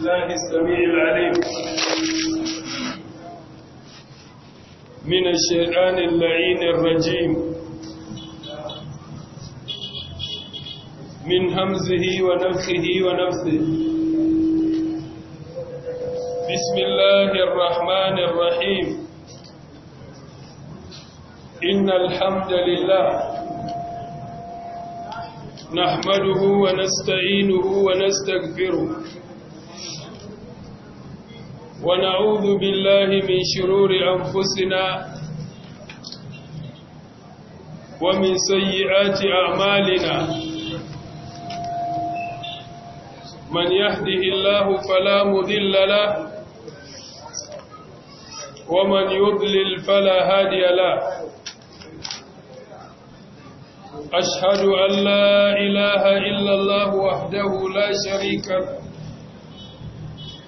الله السميع العليم من الشيطان اللعين الرجيم من همزه ونفخه ونفسه بسم الله الرحمن الرحيم إن الحمد لله نحمده ونستعينه ونستغفره ونعوذ بالله من شرور أنفسنا ومن سيئات أعمالنا من يهده الله فلا مذل له ومن يضلل فلا هادي له أشهد أن لا إله إلا الله وحده لا شريك له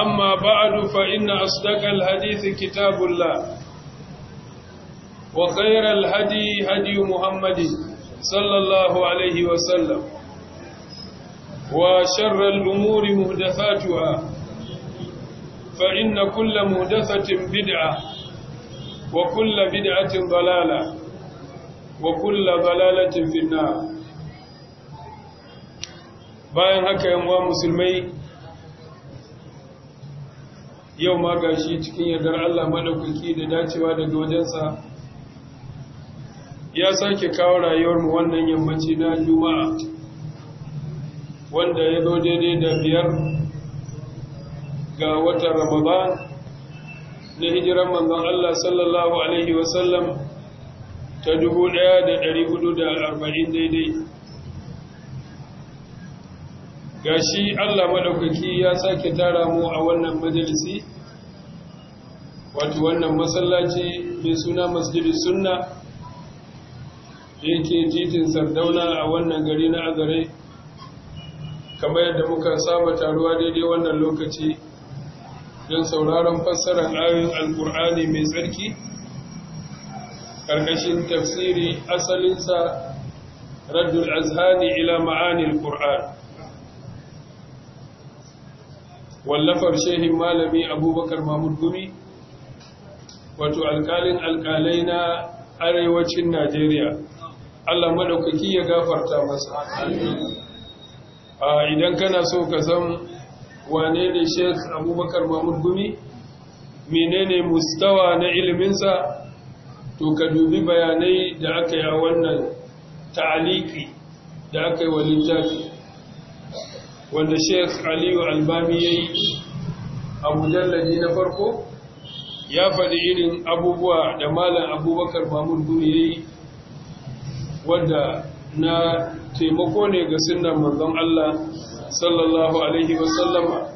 أما بعد فإن أصدق الحديث كتاب الله وخير الهدي هدي محمد صلى الله عليه وسلم وشر الأمور مهدفاتها فإن كل مهدفة بدعة وكل بدعة ضلالة وكل ضلالة في النار باين هكا يا مسلمين yau ma ga shi cikin yardar Allah madaukaki da dacewa da wajensa ya sake kawo rayuwarmu wannan yammaci na juma'a wanda ya zo daidai da biyar ga watan ramadan na hijiran manzon Allah sallallahu alaihi wasallam ta 1440 daidai gashi Allah madaukaki ya sake tara mu a wannan majalisi wato wannan masallaci mai suna masjidin sunna yake titin sardauna a wannan gari na azare kamar yadda muka saba taruwa daidai wannan lokaci don sauraron fassarar ayoyin alkur'ani mai tsarki ƙarƙashin tafsiri asalinsa raddul azhani ila ma'anin alkur'ani wallafar shehin malami abubakar mahmud gumi wato alkalin alkalai na arewacin najeriya allah maɗaukaki ya gafarta masa idan kana so ka san wane ne sheikh abubakar mahmud gumi menene mustawa na iliminsa to ka dubi bayanai da aka yi a wannan ta'aliki da aka yi wa littafi wanda sheikh aliyu albami ya yi a mujalladi na farko ya faɗi irin abubuwa da malam abubakar mamun guri ya yi wadda na taimako ne ga sunan manzon Allah sallallahu alaihi wasallama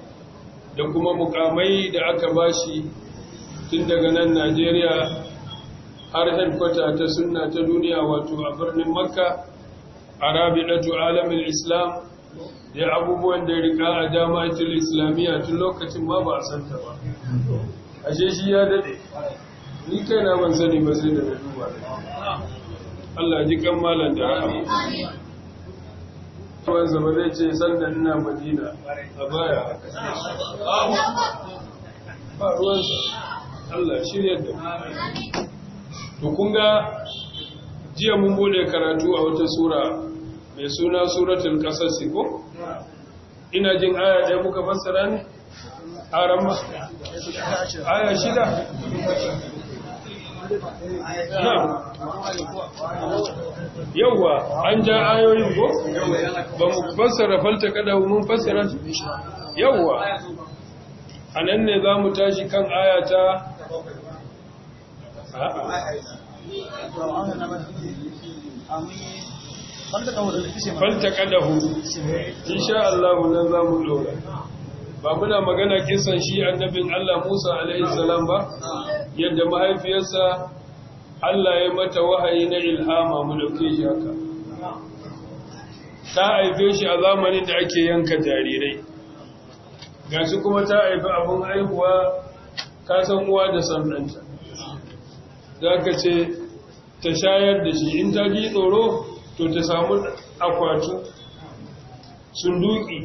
da kuma mukamai da aka bashi tun daga nan Najeriya har headquarter ta sunna ta duniya wato a birnin Makka a rabi'atu alamin Islam da abubuwan da rika a cikin islamiyya tun lokacin ma ba a santa ba ashe shi ya dade ni kai na ban sani ba sai da na duba Allah ji kan malam da rahama tuwan zama zai ce sannan ina madina a baya ba ruwan Allah shirya da to kun ga jiya mun bude karatu a wata sura mai suna suratul ƙasar siko ina jin aya ɗaya muka fassara ne a ramma aya shida na yauwa an ja ayoyin ko ba mu fassara falta kada mun fassara su yauwa a nan ne za mu tashi kan aya ta a'a in sha Allah nan mu dora ba muna magana kisan shi annabin Allah Musa alaihi salam ba yadda mahaifiyarsa Allah ya mata wahayi na ilhama mu dauke shi haka ta haife shi a zamanin da ake yanka jarirai gashi kuma ta haifi abun aihuwa san uwa da sannanta za ka ce ta shayar da shi in ta ji tsoro to ta samu akwatin sunduki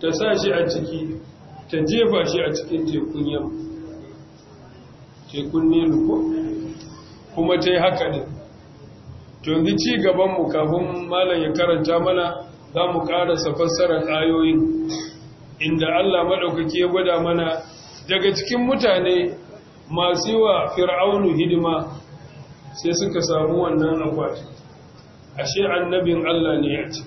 ta sa shi a ciki ta jefa shi a cikin tekun yamma tekun nilu ko kuma ta yi haka ne yi ci gabanmu kafin malam ya karanta mana za mu sa fassarar ayoyin inda Allah maɗaukaki ya gwada mana daga cikin mutane masu yi wa fir'aunu hidima sai suka samu wannan akwatin ashe annabin Allah ne ya ce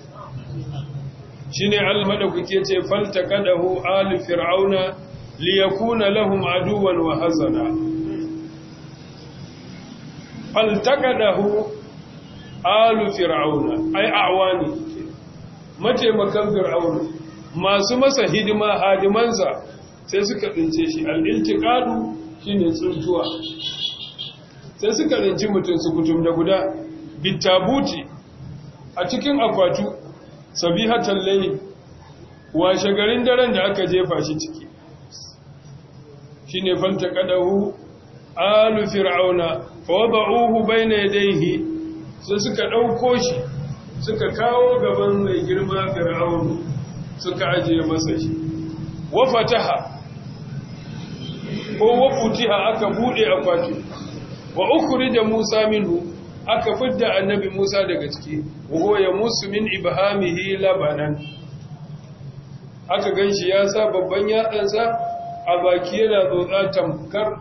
Shi ne ku ke ce kadahu al fir'auna liyakuna lahum aduwan wa hazana kadahu al fir'auna ai awani makan fir'auna masu masa hidima hadimansa sai suka tsince shi al-iltiqadu shine tsuntuwa sai suka rinci mutum su kutum da guda bitabuti a cikin akwatu sabihatan layl washe garin daren da aka jefa shi ciki shine falta kadahu alu fir'auna wada'uhu bayna yadayhi sai suka dauko shi suka kawo gaban mai girma fir'aun suka aje masa shi wa fataha ko wa futiha aka bude akwati wa ukhrija musa minhu aka fidda annabi Musa daga ciki wa ya musu min ibhamihi labanan aka ganshi ya sa babban yatsansa a baki yana tsotsa tamkar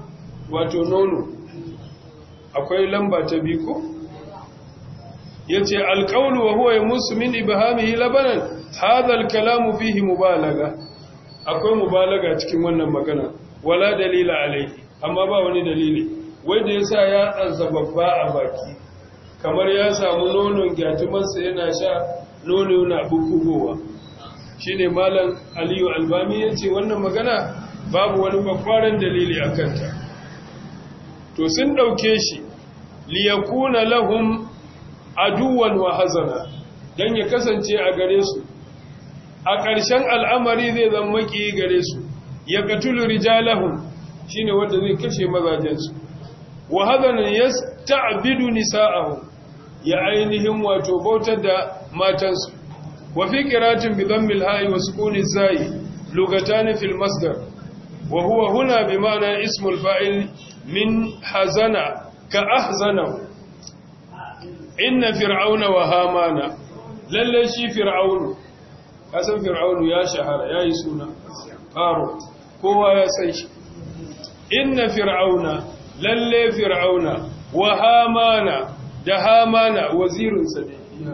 wato nono akwai lamba ta biyu ko yace alqaulu wa huwa yamusu min ibhamihi labanan hadha alkalamu fihi mubalaga akwai mubalaga cikin wannan magana wala dalila alai amma ba wani dalili wanda yasa ya tsansa babba a baki kamar ya samu nonon gyatumarsa yana sha nono na bukugowa shi ne malam aliyu albami ya ce wannan magana babu wani makwaron dalili a kanta to sun ɗauke shi liyakuna lahun aduwan wahazana. hazana don ya kasance a gare su a ƙarshen al'amari zai zan maki gare su ya katulu rijalahun shi ne wanda zai kashe mazajensu wa hazanan ya ta'abidu nisa'ahun ya ainihin wato bautar da matansu wa fi qiratin bi dhammil ha'i wa sukuni zai lugatan fil masdar wa huwa huna bi ma'na ismu fa'il min hazana ka ahzana inna fir'auna wa hamana lalle shi fir'aunu kasan fir'aunu ya shahara yayi suna faro kowa ya san shi inna fir'auna lalle fir'auna wa hamana da hamana wazirinsa ne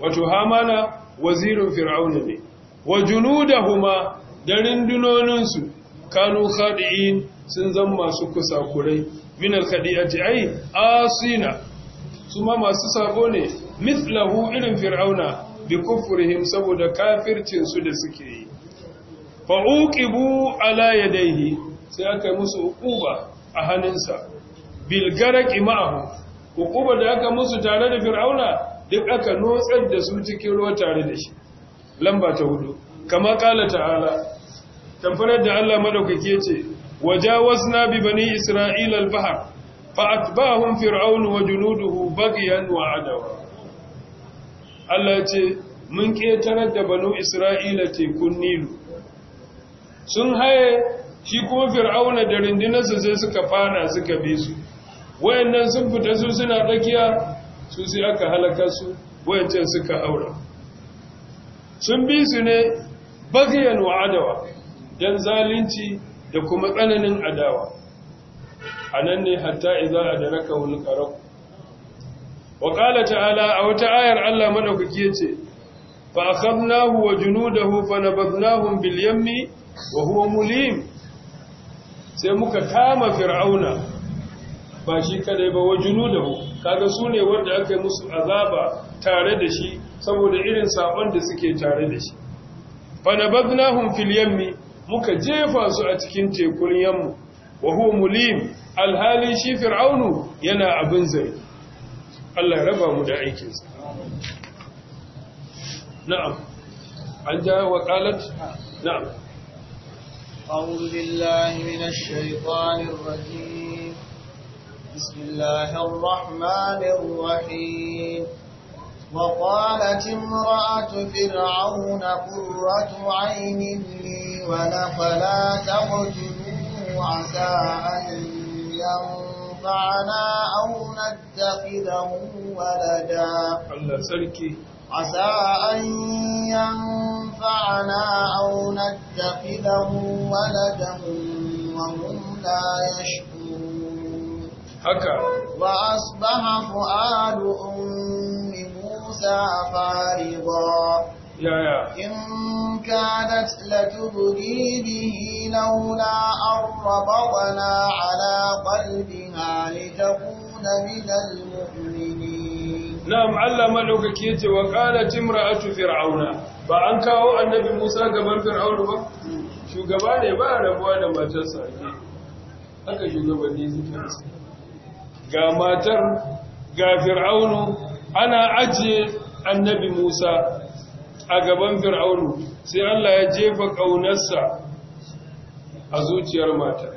wato hamana wazirin fir'auna ne wa junudahuma da rundunoninsu kanu khadi'in sun zama masu kusakurai min alkhadi'ati ai asina suma masu sabo ne mislahu irin fir'auna bi kufrihim saboda kafircin su da suke yi fa uqibu ala yadayhi sai aka musu uquba a hannunsa bil garaqi ma'ahu hukumar da aka musu tare da fir'auna duk aka notsar da su cikin ruwa tare da shi lamba ta hudu kama kala ta'ala tamfarar da Allah madaukake ce waja na bi bani isra'ila al-bahr fa atba'ahum fir'aun wa junuduhu baghyan wa adawa Allah ce mun ketarar da banu isra'ila tekun nilu sun haye shi kuma fir'auna da rindinarsa sai suka fana suka bi su nan sun fita su suna tsakiya su sai aka halaka su wayancan suka aura sun bi su ne bagiyan wa adawa dan zalunci da kuma tsananin adawa anan nan ne hatta idan adaraka wal qaraq wa qala ta'ala a wata ayar Allah madaukaki yace fa akhadnahu wa junudahu fanabadnahum bil yammi wa huwa mulim sai muka kama fir'auna ba shi kadai ba wa junudahu kaga su ne wanda aka yi musu azaba tare da shi saboda irin sabon da suke tare da shi fa nabadnahum fil yammi muka jefa su a cikin tekun yammu wa huwa mulim alhali shi fir'aunu yana abin zai Allah ya raba mu da aikinsa na'am an ja wa qalat na'am a'udhu billahi minash الشيطان بسم الله الرحمن الرحيم وقالت امرأة فرعون قرة عين لي ولك لا تقتلوه عسى أن ينفعنا أو نتخذه ولدا عسى أن ينفعنا أو نتخذه ولدا وهم لا يشعرون haka wa asbaha fu'adu ummi musa ya yaya in kanat latubdi bihi lawla arrabatna ala qalbiha litakuna min almu'minin na'am Allah madaukake kiyace wa qalat imra'atu fir'auna ba an kawo annabi Musa gaban fir'auna ba hmm. shugaba ne ba rabuwa da matarsa ake haka shugabanni suke ga matar ga fir'aunu ana ajiye annabi musa a gaban fir'aunu sai allah ya jefa ƙaunarsa a zuciyar matar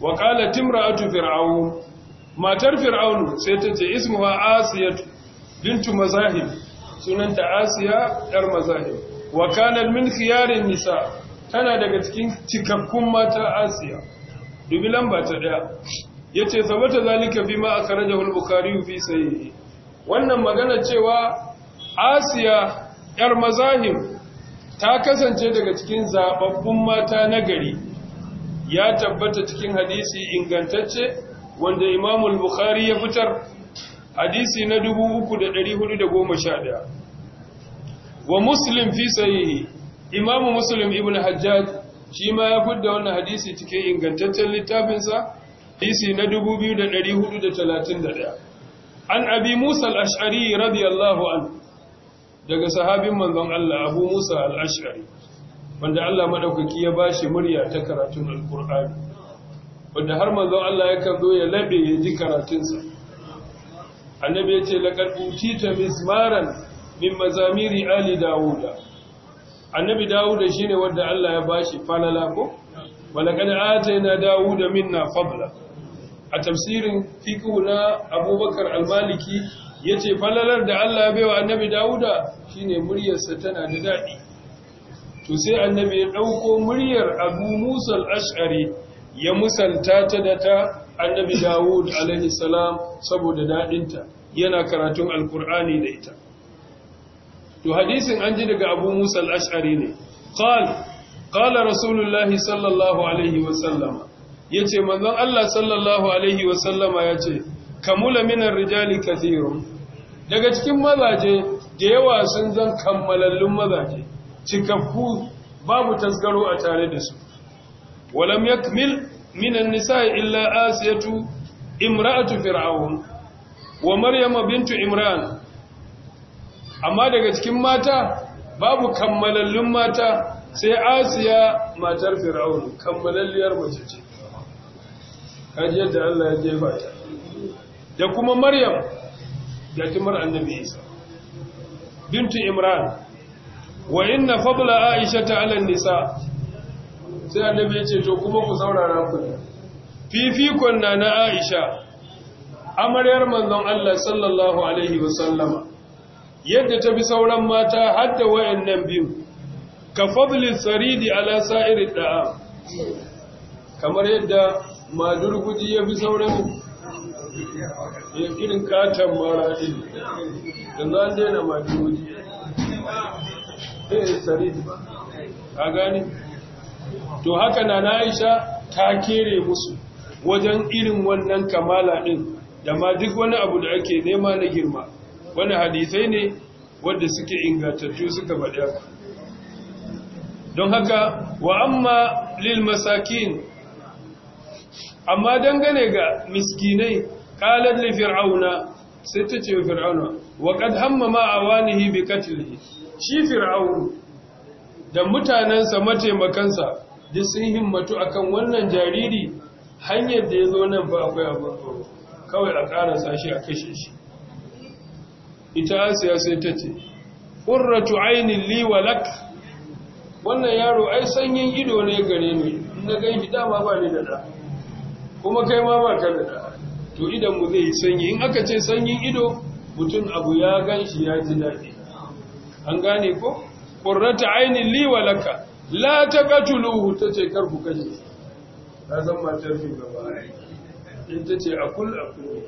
wa timra timra'atu fir'aun matar fir'aunu sai ta ce ismuha asiyatu bintu mazahib sunanta asiya yar mazahib wa min khiyarin nisa tana daga cikin cikakkun mata asiya dubi lamba ta ɗaya yace sabata zalika fi ma akhrajahu al-bukhari fi sahihi wannan magana cewa asiya yar mazahim ta kasance daga cikin zababbun mata na gari ya tabbata cikin hadisi ingantacce wanda imam al-bukhari ya fitar hadisi na 3411 wa muslim fi sahihi imam muslim ibn hajjaj shi ma ya fitar wannan hadisi cikin ingantaccen littafinsa hadisi na 2431 an abi musa al-ash'ari radiyallahu anhu daga sahabin manzon Allah abu musa al-ash'ari wanda Allah maɗaukaki ya bashi murya ta karatun alqur'ani wanda har manzon Allah yakan zo ya labe ya ji karatunsa annabi ya ce laqad utita mismaran min mazamiri ali dauda annabi shi shine wadda Allah ya bashi falala ko walaqad atayna dauda minna fadla a tafsirin fiqhu na Abubakar al-Maliki yace falalar da Allah ya baiwa Annabi Dawuda shine muryarsa tana da dadi to sai Annabi ya dauko muryar Abu Musa al-Ash'ari ya musalta ta da ta Annabi Dawud alaihi salam saboda dadinta yana karatun alkur'ani da ita to hadisin an ji daga Abu Musa al-Ash'ari ne qal qala rasulullahi sallallahu alaihi wa sallama yace manzon Allah sallallahu alaihi wasallama yace kamula minan rijali kathirun daga cikin mazaje da yawa sun zan kammalallun mazaje cikakku babu tasgaro a tare da su walam yakmil minan nisa illa asiyatu imra'atu fir'aun wa maryama bintu imran amma daga cikin mata babu kammalallun mata sai asiya matar fir'aun kammalalliyar mace ce har yadda Allah ya jefa ta da kuma maryam da kimar annabi isa bintu imran wa inna fadla aisha ta ala nisa sai annabi ya ce to kuma ku saurara ku Fifi na na aisha amaryar manzon Allah sallallahu alaihi sallama. yadda ta bi sauran mata har da wayannan biyu ka fadli saridi ala sa'iri da'a kamar yadda durguji ya fi sauran ya kirin katon mara ɗin da za a daina madurguji ɗaya eh, ba a gani to haka na na Aisha ta kere musu wajen irin wannan kamala ɗin da ma duk wani abu da ake nema na girma wani hadisai ne wadda suke ingantattu suka faɗi don haka wa'amma lil masakin amma dangane ga miskinai qalat li fir'auna sai ta ce wa fir'auna wa kad hamma ma awanihi bi katlihi shi fir'aun da mutanansa mataimakansa duk sun himmatu akan wannan jariri hanyar da ya zo nan ba akwai abu kawai a ƙara sashi a kashe shi ita asiya sai ta ce ƙurratu ainihin liwalak wannan yaro ai sanyin ido ne gare ni na gan shi dama ba ni da da kuma kai ma ba ka da to idan mu zai yi sanyi in aka ce sanyin ido mutum abu ya gan shi ya ji daɗi an gane ko ƙurrata ainihin liwa laka la ta katuluhu ta ce karku kashe ta san matar fi gaba in ta ce akul akul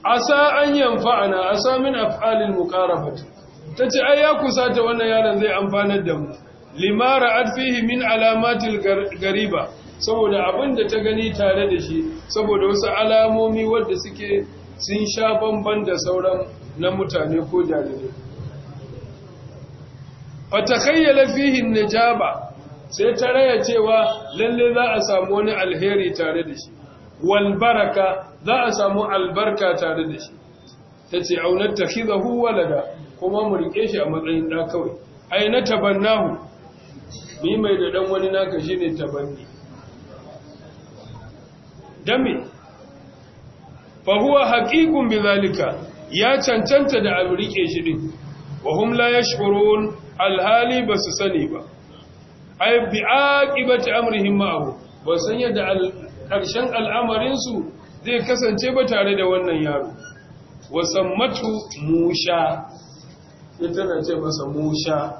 asa an ana asa min af'alil muqarabati tace ai ya kusata wannan yaron zai amfanar da mu limara adfihi min alamatil gariba saboda abin da ta gani tare da shi saboda wasu alamomi wadda suke sun sha bamban da sauran na mutane ko jarirai khayyala fihi najaba sai ta raya cewa lalle za a samu wani alheri tare da shi wal baraka za a samu albarka tare da shi tace aunar takhidahu walada kuma mu rike shi a matsayin da kawai aina tabannahu bi mai da dan wani naka shine tabanni dame fahuwa haƙiƙun bizalika ya cancanta da abu rike shi ɗin wa hum la yash'urun alhali ba su sani ba ai bi aqibati amrihim ma'ahu ba san yadda ƙarshen al'amarin su zai kasance ba tare da wannan yaro wa sammatu musha ita na ce masa musha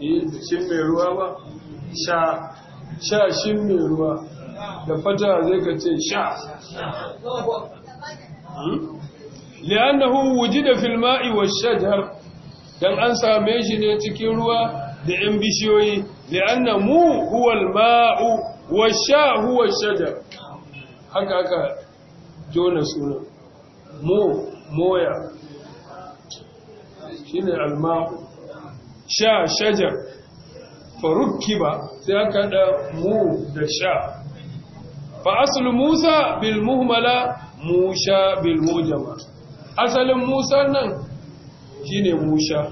eh shin mai ruwa ba sha sha shin mai ruwa da fata zai ka ce sha hmm? li'annahu wujida fil ma'i wash shajar dan an same shi ne cikin ruwa da yan bishiyoyi li'anna mu huwa al ma'u wash sha huwa shajar haka haka jona suna mu moya shine al ma'u sha shajar farukki ba sai aka da mu da sha fa Musa bil Musha bilmujama. asalin Musa nan shine Musha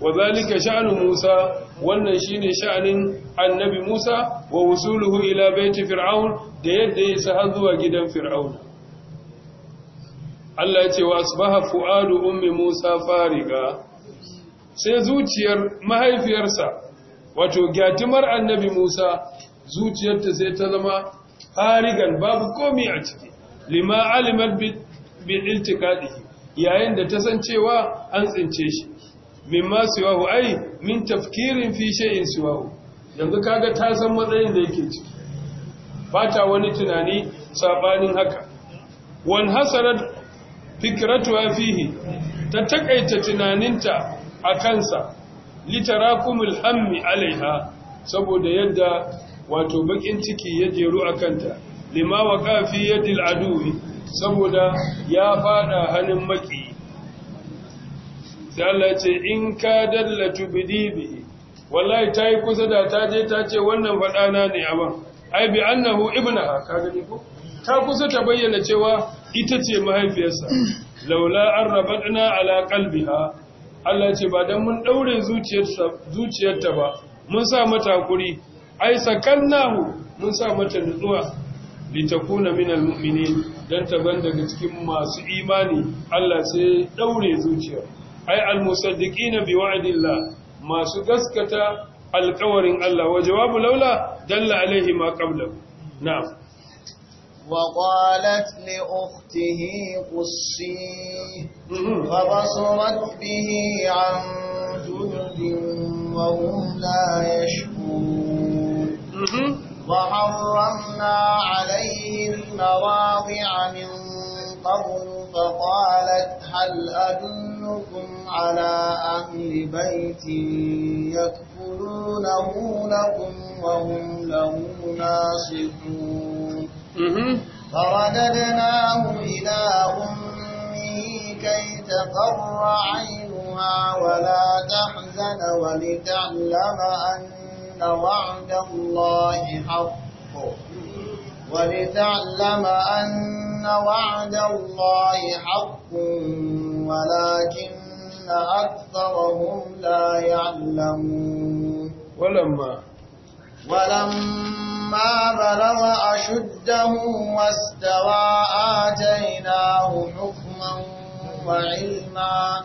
wa zalika Musa wannan shine sha'anin annabi Musa wa wusuluhu ila baiti fir'aun da yadda ya sa zuwa gidan fir'aun Allah ya ce wa asbaha fu'adu ummi Musa fariga sai zuciyar mahaifiyarsa wato gyatimar annabi Musa zuciyarta sai ta zama farigan babu komi a ciki lima alimat bi iltiqadihi yayin da ta san cewa an tsince shi mimma siwahu ai min tafkirin fi shay'in siwahu yanzu kaga ta san matsayin da yake ciki bata wani tunani saɓanin haka wan hasarar fikratuha fihi ta taƙaita tunaninta a kansa litarakumul hammi alaiha saboda yadda wato bakin ciki ya jeru a kanta lima wa kafi yadil aduwi saboda ya fada hannun maki sai ce in ka dallatu bidibi wallahi ta yi kusa da ta je ta ce wannan faɗana ne amma ai bi annahu ibnaha ka gani ko ta kusa ta bayyana cewa ita ce mahaifiyarsa laula an rabatna ala qalbiha Allah ce ba dan mun ɗaure zuciyarta zuciyarta ba mun sa mata hakuri ai sakannahu mun sa mata nutsuwa litakuna minal mu'minin dan taban daga cikin masu imani Allah sai daure zuciya ai almusaddiqina biwa'dillah masu gaskata alƙawarin Allah wa jawabu laula dalla alaihi ma qabla na'am وقالت لأخته قصيه فبصرت به عن جنب وهم لا يشكون وحرمنا عليه المواضع من قبل فقالت هل أدلكم على أهل بيت يكفلونه لكم وهم له ناصحون فرددناه إلى أمه كي تقر عينها ولا تحزن ولتعلم أن أن وعد الله حق ولتعلم أن وعد الله حق ولكن أكثرهم لا يعلمون ولما ولما بلغ أشده واستوى آتيناه حكما وعلما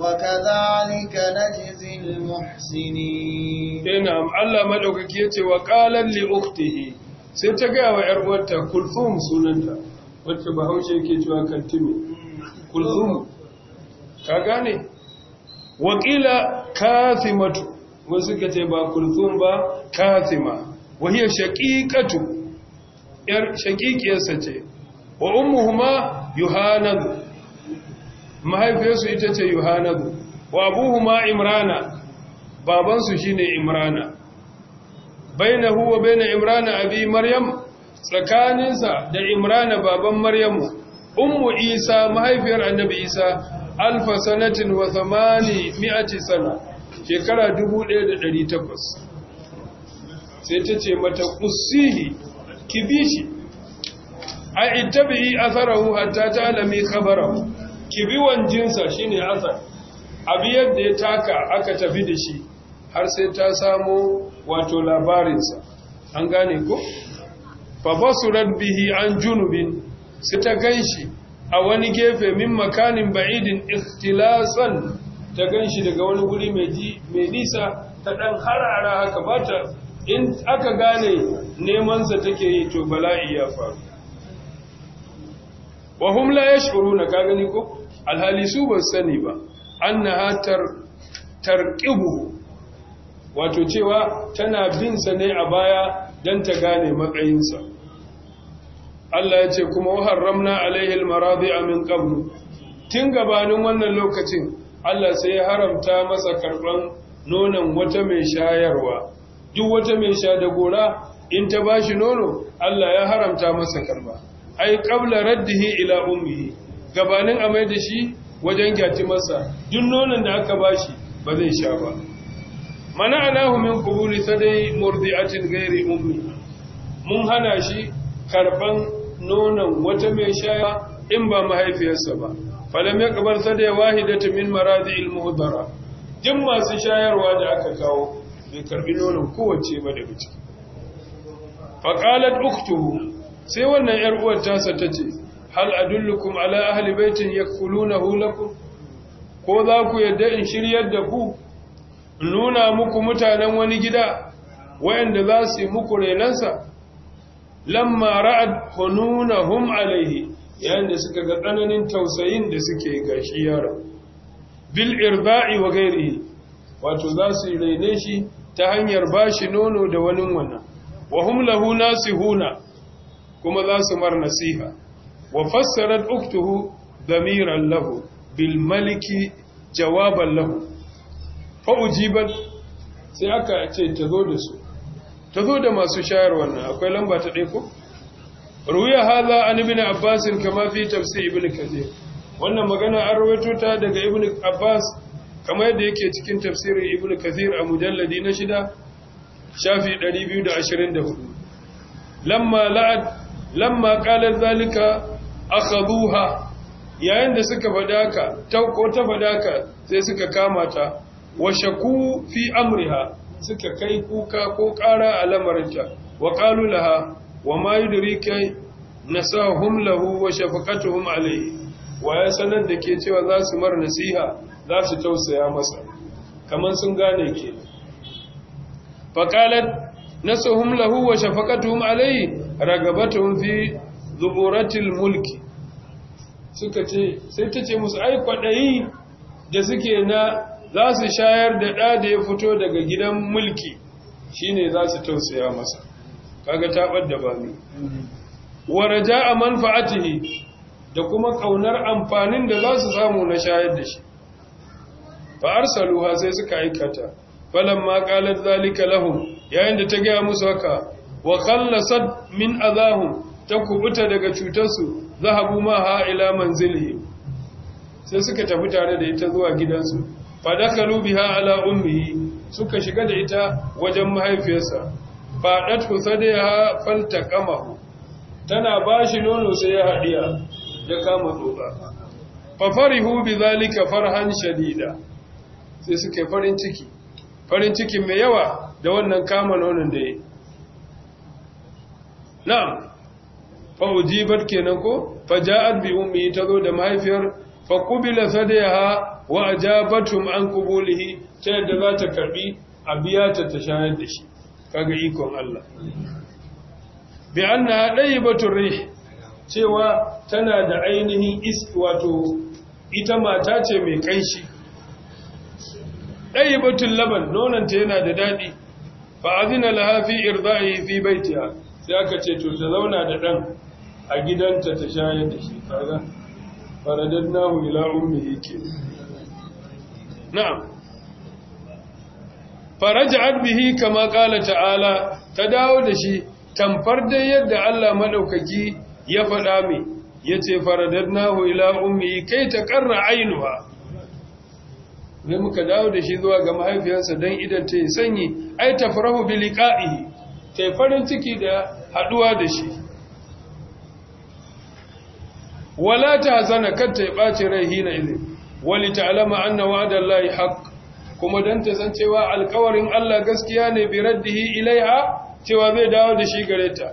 وكذلك نجزي المحسنين Eh, na'am Allah madaukaki yace wa qalan li ukhtihi sai ta ga wa yar uwarta kulthum sunanta wacce bahaushe yake cewa kantime kulthum ka gane wa qila kathimatu wasu kace ba kulthum ba kathima wa hiya shaqiqatu yar shaqiqiyarsa ce wa ummuhuma yuhanadu mahaifiyarsu ita ce yuhanadu wa abuhuma imrana babansu shine imrana bainahu huwa baina imrana abi maryam tsakaninsa da imrana baban maryamu ummu isa mahaifiyar annabi isa alfa sanatin wa thamani mi'ati sana shekara 1800 sai ta ce mata kusihi kibishi a ittabi atharahu hatta ta'lami khabarahu kibiwan jinsa shine asar abi yadda ya taka aka tafi da shi har sai ta samu wato labarinsa an gane ko fabasurat bihi an junubin su ta ganshi a wani gefe min makanin ba'idin ikhtilasan ta ganshi daga wani guri mai nisa ta dan harara haka ba ta. in aka gane nemansa take yi to bala'i ya faru wa hum la yash'uruna ka gani ko alhali su ban sani ba annaha tar tarqibu wato cewa tana bin sa ne a baya don ta gane matsayinsa Allah ya ce kuma waharramna alaihi almaradi'a min qablu tun gabanin wannan lokacin Allah sai ya haramta masa karban nonon wata mai shayarwa duk wata mai sha da gora in ta bashi nono Allah ya haramta masa karba ai qabla raddihi ila ummihi gabanin amai da shi wajen gyati masa duk nonon da aka bashi ba zai sha ba mana'anahu min qubuli sadai murdi'atin ghairi ummi mun hana shi karban nonon wata mai shaya in ba mahaifiyarsa ba falam yaqbal sadai wahidatu min maradil muhdara duk masu shayarwa da aka kawo bai karbi nonon kowace ba daga ciki faqalat ukhtuhu sai wannan yar uwar tasa tace hal adullukum ala ahli baitin yakfulunahu lakum ko za ku yadda in shiryar da ku nuna muku mutanen wani gida wayanda za su yi muku renansa lamma ra'ad hununahum alaihi yayin da suka ga tsananin tausayin da suke gashi yaro bil irba'i wa ghairihi wato za su rene shi ta hanyar bashi nono da wani wannan wa hum lahu nasihuna kuma za su mar nasiha wa fassarat uktuhu damiran lahu bil maliki jawaban lahu fa'ujiban sai aka ce ta zo da su ta zo da masu shayar wannan akwai lamba ta ɗaya ko ruya haza an na abbasin kama fi tafsir ibn kaje wannan magana an rawaito ta daga ibn abbas kama yadda yake cikin tafsirin ibn kazir a mujalladi na shida shafi 224 lamma kalar zalika a zalika yayin da suka fadaka ta ko ta fadaka sai suka kama ta wa shaku fi amriha suka kai kuka ko ƙara a lamarinta wa ƙalu laha wa ma yudrika nasahum lahu wa shafaqatuhum alayhi wa ya sanar da ke cewa za su mara nasiha za su tausaya masa kamar sun gane ke faqalat nasahum lahu wa alayi, ragabata hun fi zuburatil mulki suka ce sai ta ce musu ai kwaɗayi da suke na za su shayar da ɗa da ya fito daga gidan mulki Shi ne za su tausaya masa kaga tabar da wara ja a manfa'atihi da kuma ƙaunar amfanin da za su samu na shayar da shi fa arsaluha sai suka aikata falamma qalat zalika lahun yayin da ta gaya musu haka wa khallasat min azahun ta kubuta daga cutarsu zahabu ma ha ila sai suka tafi tare da ita zuwa gidansu fadakalu biha ala ummihi suka shiga da ita wajen mahaifiyarsa fa datu sadiha faltaqamahu tana bashi nono sai ya hadiya ya kama doka fa farihu bidhalika farhan shadida sai suke farin ciki farin ciki mai yawa da wannan kama nonon da na'am fa ujibat kenan ko fa ja'at bi ummi tazo da mahaifiyar fa qubila sadaha wa ajabatum an qubulihi ta yadda za ta karbi a biya ta ta shayar da shi kaga ikon Allah bi anna daibatu rih cewa tana da ainihin is wato ita mata ce mai kanshi daibatu laban nonon ta yana da dadi fa azina laha fi irda'i fi baitiha sai aka ce to ta zauna da dan a gidanta ta shayar da shi kaga faradadnahu ila ummihi kenan na'am faraja'at bihi kama qala ta'ala ta dawo da shi tamfar dai yadda Allah madaukaki ya faɗa mi yace faradadnahu ila ummi kai ta qarra ainuha sai muka dawo da shi zuwa ga mahaifiyarsa dan idan ta sanyi ai ta farahu bi liqa'ihi tai farin ciki da haduwa da shi wala ta zana kar ta bace rai hina ilmi wali ta'lama anna wa'da Allahi haqq kuma dan ta san cewa alƙawarin Allah gaskiya ne bi raddihi ilaiha cewa zai dawo da shi gare ta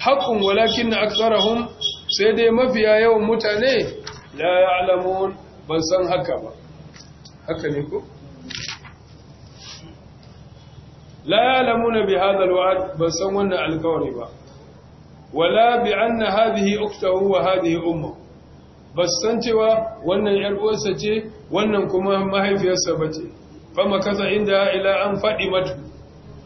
haqqun walakin aktharuhum sai dai mafiya yawan mutane la ya'lamun ban san haka ba haka ne ko la ya'lamuna bi hadha alwa'd ban san wannan alƙawari ba wala bi anna hadhihi uktahu wa hadhihi ummuhu ba su san cewa wannan ‘yar ce wannan kuma mahaifiyarsa ba ce fama kasa inda ila an faɗi matu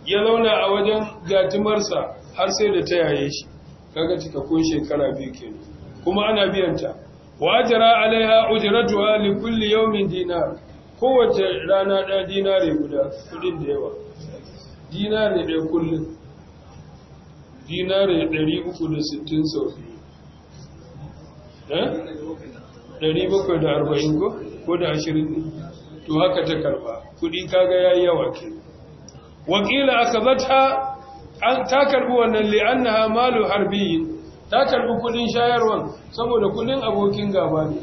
ya zauna a wajen gatimarsa har sai da ta yaye shi kaga cikakkun shekara biyu ke kuma ana biyanta wa ajira alaiha ujratuha li kulli yawmin dinar kowace rana ɗaya dinare guda kudin da yawa dinare ɗaya kullun dinare 360 sau Eh? ɗari bakwai da arba'in ko da ashirin to haka ta karba kudi kaga ya yawa ke wakila aka zata ta karbi wannan annaha malu harbiyin ta karbi kudin shayarwan saboda kudin abokin gaba ne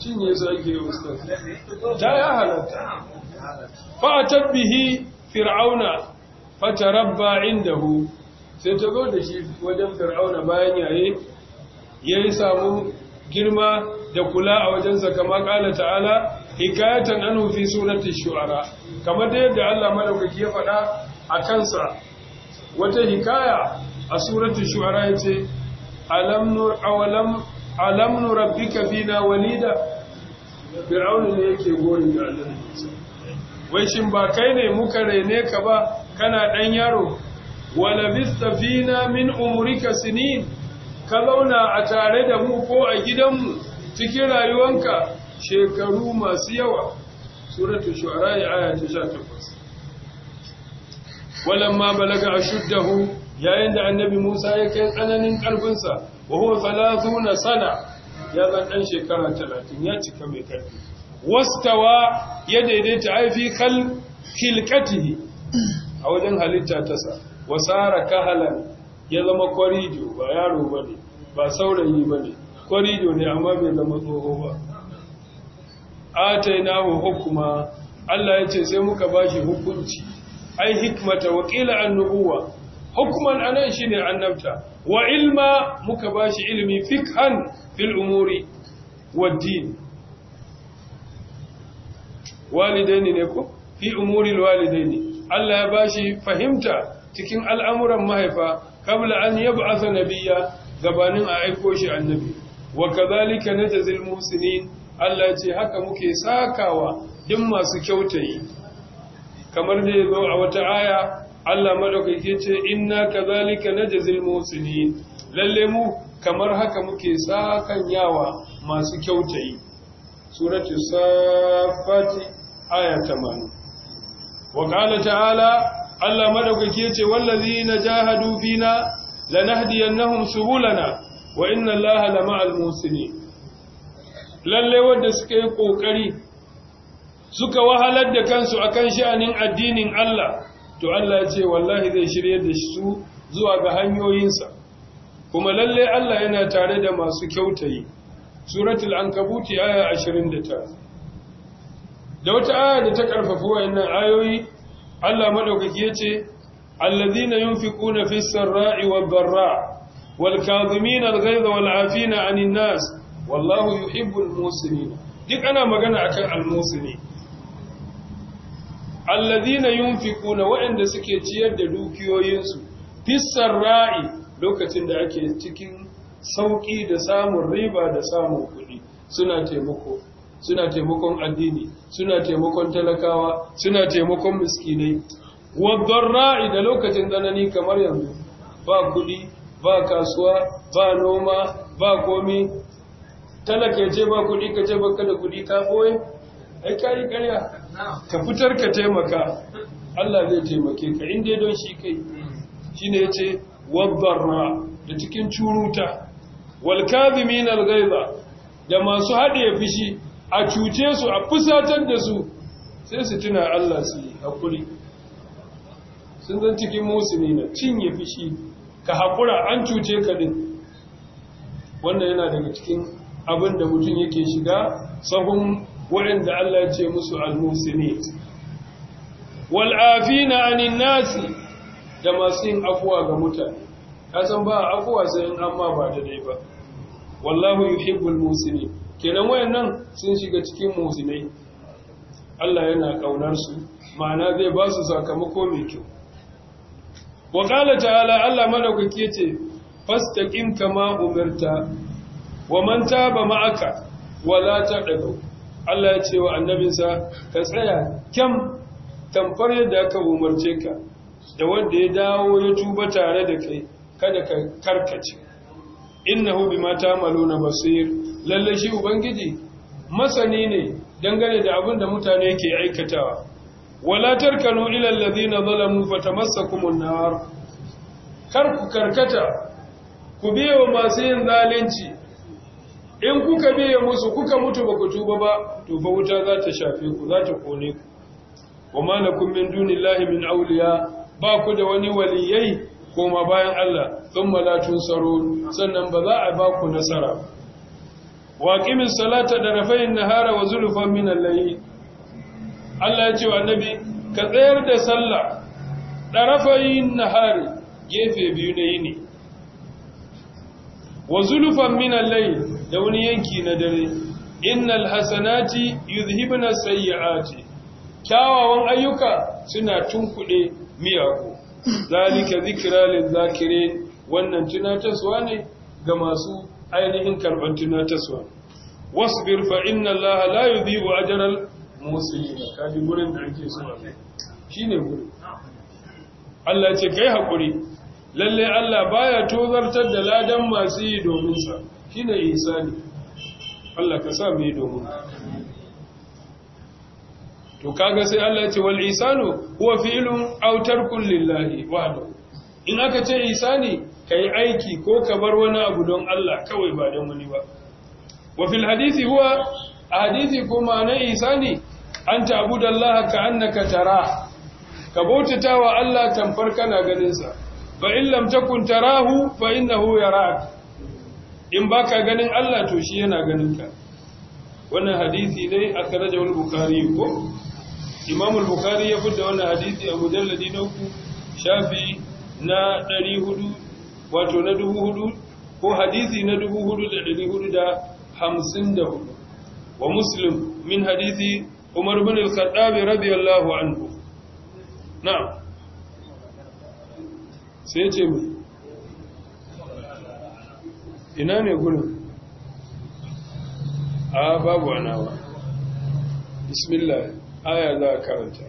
cinye su ake yi ta ya halatta fa bihi fir'auna fatarabba indahu sai ta go da shi wajen fir'auna bayan yayi ya yi samu girma da kula a wajensa kama kala ta'ala hikayatan anhu fi sunatun shu'ara kamar da yadda Allah madaukaki ya faɗa a kansa wata hikaya a surati shu'ara yace alam nur awalam alam nurabbika na walida fir'aunin ne yake gori da Allah wai shin ba kai ne muka rene ka ba kana dan yaro wala bistafina min umrika sinin ka zauna a tare da mu ko a gidanmu cikin rayuwanka shekaru masu yawa suratul shu'ara sha takwas. 18 walamma balaga ashuddahu yayin da annabi Musa ya kai tsananin karfinsa wa huwa 30 sana ya zan dan shekara talatin, ya cika mai karfi wastawa ya daidaita aifi kal khilqatihi a wajen halitta tasa wasara kahalan ya zama kwarido ba yaro ba ne ba saurayi ba ne kwarido ne amma bai zama tsoho ba A ta yi namu hukuma Allah ya ce sai muka bashi hukunci ai hikmata wakila annubuwa Hukuman anan shi shine annabta wa ilma muka bashi ilmi fikhan fil umuri wa din walidaini ne ko fi umuri walidaini Allah ya bashi fahimta cikin al'amuran mahaifa qabla an yab'atha nabiyya gabanin a aiko shi annabi wa kadhalika najzil muhsinin Allah ce haka muke sakawa duk masu kyautayi kamar da yazo a wata aya Allah madaukake ce inna kadhalika najzil muhsinin lalle mu kamar haka muke sakanyawa masu kyautayi suratu safati aya 80 wa qala ta'ala Allah madaukake yace wallazina jahadu fina lanahdiyannahum subulana wa inna Allaha lama'al muslimin lalle wanda suka yi kokari suka wahalar da kansu akan sha'anin addinin Allah to Allah yace wallahi zai shirye da su zuwa ga hanyoyinsa kuma lalle Allah yana tare da masu kyautayi suratul ankabuti aya 29 da wata aya da ta karfafa wayannan ayoyi Allah madaukaki yace alladhina yunfiquna fis sarra'i wad dharra wal kadhimina al ghayza wal 'afina 'anil nas wallahu yuhibbul muslimin duk ana magana akan al muslimin alladhina yunfiquna wa'anda suke ciyar da dukiyoyinsu fis sarra'i lokacin da ake cikin sauki da samun riba da samun kuɗi suna taimako suna taimakon addini suna taimakon talakawa suna taimakon miskinai wadarra'i da lokacin tsanani kamar yanzu ba kudi ba kasuwa ba noma ba komi talaka ce ba kudi ka ce baka da kudi ka boye ai ka yi ka fitar ka taimaka Allah zai taimake ka inda don shi kai shine yace ce wadarra da cikin curuta wal kadhimin al ghaiza da masu hade fishi a cuce su a fusatar da su sai su tuna Allah su yi haƙuri sun zan cikin musulmi na cinye fushi ka haƙura an cuce ka din wannan yana daga cikin abin da mutum yake shiga sahun waɗanda Allah ya ce musu al-musulmi na anin nasi da masu yin afuwa ga mutane kasan ba afuwa sai in amma ba da dai ba wallahu yuhibbul musulmi kenan nan sun shiga cikin musulmai Allah yana kaunar su ma'ana zai ba su sakamako mai kyau wa qala ta'ala Allah madaukaki yace fastaqim kama umirta wa man taba ma'aka wala taqdu Allah ya ce wa annabinsa ka tsaya kyam tamfar yadda aka umarce ka da wanda ya dawo ya tuba tare da kai kada ka karkace innahu bima ta'maluna basir lalle shi ubangiji masani ne dangane da abin da mutane ke aikatawa wala tarkanu ila alladhina zalamu fatamassakumun nar kar ku karkata ku biye masu yin zalunci in kuka biye musu kuka mutu ba ku tuba ba to fa wuta za ta shafe ku za ta kone ku wa ma lakum min dunillahi min awliya ba ku da wani waliyai koma bayan Allah sun malatun tsaro sannan ba za a ba ku nasara waƙimin salata da rafayin nahara wa zulufan minan layi Allah ya ce wa nabi ka tsayar da sallah da rafayin nahari gefe biyu na yini wa zulufan minan layi da wani yanki na dare innal hasanati yuzhibna sayyi'ati kyawawan ayyuka suna tunkuɗe miyagu zalika zikra zakire wannan tunatarwa ne ga masu ainihin karban tunatarwa wasbir fa inna allaha la yudhibu ajral muslimin kaji gurin da ake so shine gurin Allah ce kai hakuri lalle Allah baya tozartar da ladan masu yi domin sa shine insani Allah ka sa mu yi domin to kaga sai Allah ya ce wal isanu huwa fi'lun aw tarkun lillahi wa'du in aka ce isani kai aiki ko ka bar wani abu don Allah kawai ba don wani ba wa fil hadisi huwa hadisi kuma na isani an ta'budallaha ka annaka tara ka bautatawa Allah tamfar kana ganin sa fa in lam takun tarahu fa innahu yarak in baka ganin Allah to shi yana ganin ka wannan hadisi ne akhrajahu al-bukhari ko imam al-bukhari ya fidda wannan hadisi a mujalladi na uku shafi na 400 wato na 400 ko hadisi na 454 wa muslim min hadisi umar bin al-khattab radiyallahu anhu na'am sai ce mu ina ne gurin a ah, babu anawa bismillah aya za a karanta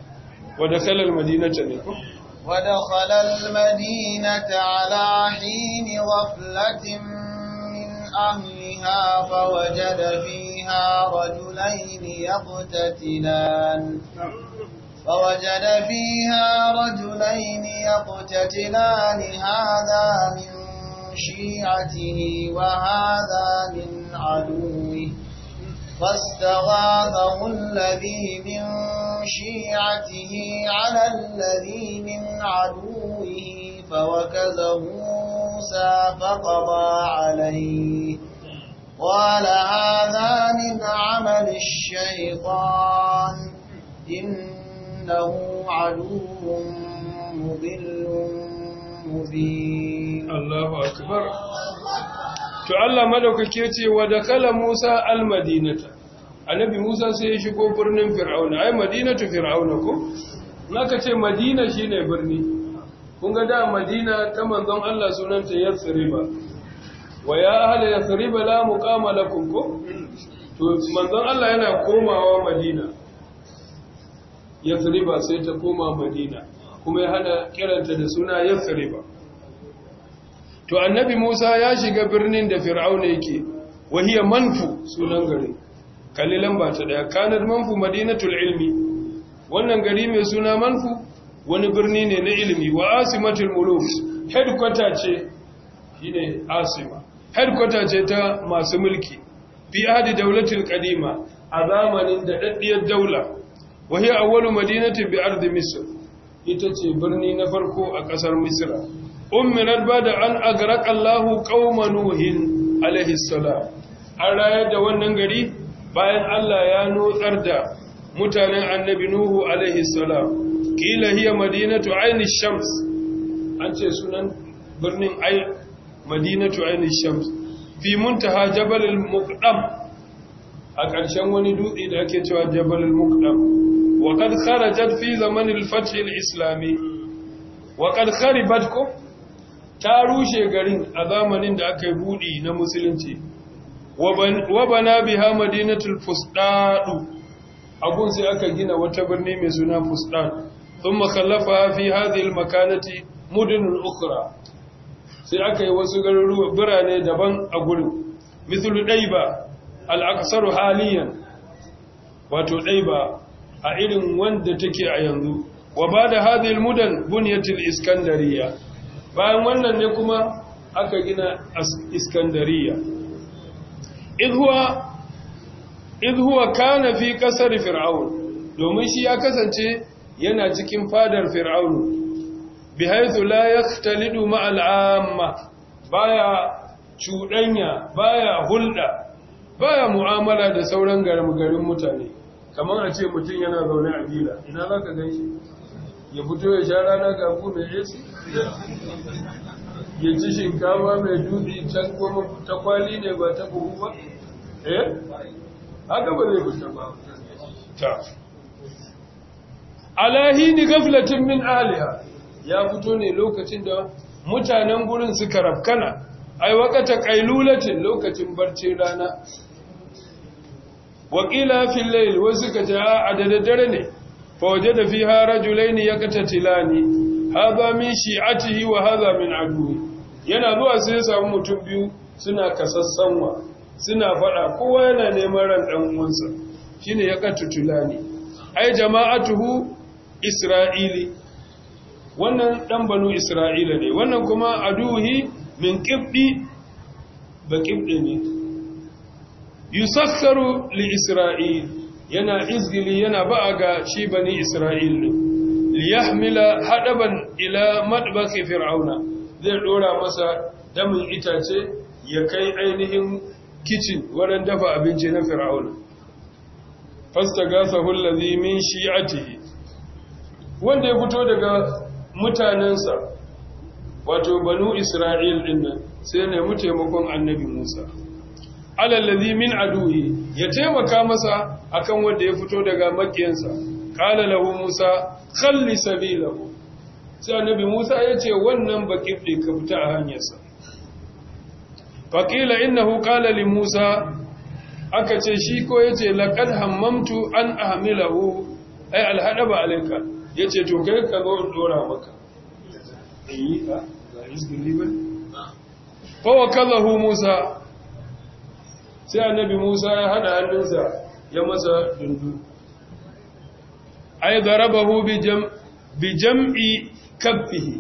wadda kalar madinata ne ku wadda kalar madinata alahini waflatin min ahliha fawaje da fiha rajulaini ya kutatinan fawaje da fiha rajulaini ya kutatinani haza min shi'atini wa haza min فاستغاثه الذي من شيعته على الذي من عدوه فوكزه موسى فقضى عليه قال هذا من عمل الشيطان إنه عدو مضل مبين الله أكبر to Allah madaukake ce wa kala Musa al-Madinata annabi Musa sai ya shigo birnin Fir'auna ai Madinatu Fir'auna ko naka ce Madina shine birni kun ga da Madina ta manzon Allah sunanta Yathriba wa ya ahla Yathriba la muqama lakum ko to manzon Allah yana komawa Madina Yathriba sai ta koma Madina kuma ya hada kiranta da suna Yathriba to annabi Musa ya shiga birnin da Fir'auna yake wahiya manfu sunan gari kalli lamba ta daya kanar manfu madinatul ilmi wannan gari mai suna manfu wani birni ne na ilimi wa asimatul muluk headquarter ce shine asima headquarter ce ta masu mulki fi hadi dawlatil qadima a zamanin da daddiyar daula wahiya awwalu madinatin bi ardi misr ita ce birni na farko a kasar misra umminat bada an agraq Allahu qauma nuhin an rayar da wannan gari bayan Allah ya nutsar da mutanen annabi nuhu alaihi salam kila hiya madinatu aini shams an ce sunan birnin ai madinatu aini shams fi muntaha jabal muqdam a ƙarshen wani dutse da ake cewa jabal muqdam wa kad kharajat fi zaman al-fath al-islami wa kad kharibat ko ta rushe garin a zamanin da aka yi buɗi na musulunci wabana na madinatul a gun sai aka gina wata birni mai suna fusdad sun khallafa fi hadhihi makanati mudunun ukura sai aka yi wasu garuruwa birane daban a gurin mithlu daiba ba haliyan wato ɗaiba a irin wanda take a yanzu wa ba da al-mudan buniyatul iskandariya bayan wannan ne kuma aka gina iskandariya idhuwa kana fi kasar fir'aun domin shi ya kasance yana cikin fadar fir'aun bi haithu la yaxtalidu ma'al amma baya cuɗanya baya hulɗa baya mu'amala da sauran garin mutane kamar a ce mutum yana zaune a gila ina za ka ya fito ya sha rana ga ku mai yasi ya ci shinkawa mai dubi can goma ta kwali ne ba ta buhu ba eh haka ba zai fita ba ta ni gaflatin min aliya ya fito ne lokacin da mutanen gurin suka rafkana ai wakata kailulatin lokacin barcin rana wakila fil layl wasu ka a da ne فوجد فيها رجلين يقتتلان هذا من شيعته وهذا من عدوه yana zuwa sai ya samu mutum biyu suna kasassanwa suna fada kowa yana neman ran dan uwansa shine ya katutulani ai jama'atuhu isra'ili wannan dan banu isra'ila ne wannan kuma aduhi min qibdi ba qibdi ne yusassaru li isra'il yana izgili yana ba'a ga shi bani isra'il ne liyahmila hadaban ila madbaki fir'auna zai ɗora masa damin itace ya kai ainihin kicin wurin dafa abinci na fir'auna fastagasahu shi min shi'atihi wanda ya fito daga mutanensa wato banu isra'il din nan sai ne mu annabi Musa alallazi min aduhi ya taimaka masa akan wanda ya fito daga makiyansa qala lahu musa khalli sabilahu sai annabi musa ya ce wannan bakifli ka fita a hanyarsa faqila innahu qala li musa aka ce shi ko yace ce laqad hammamtu an ahmilahu ay alhadaba alayka yace to kai ka zo in dora maka eh ka ga izgili fa wakalahu musa sai annabi musa ya hada hannunsa ya masa dundu ai darabahu bi jam'i kaffihi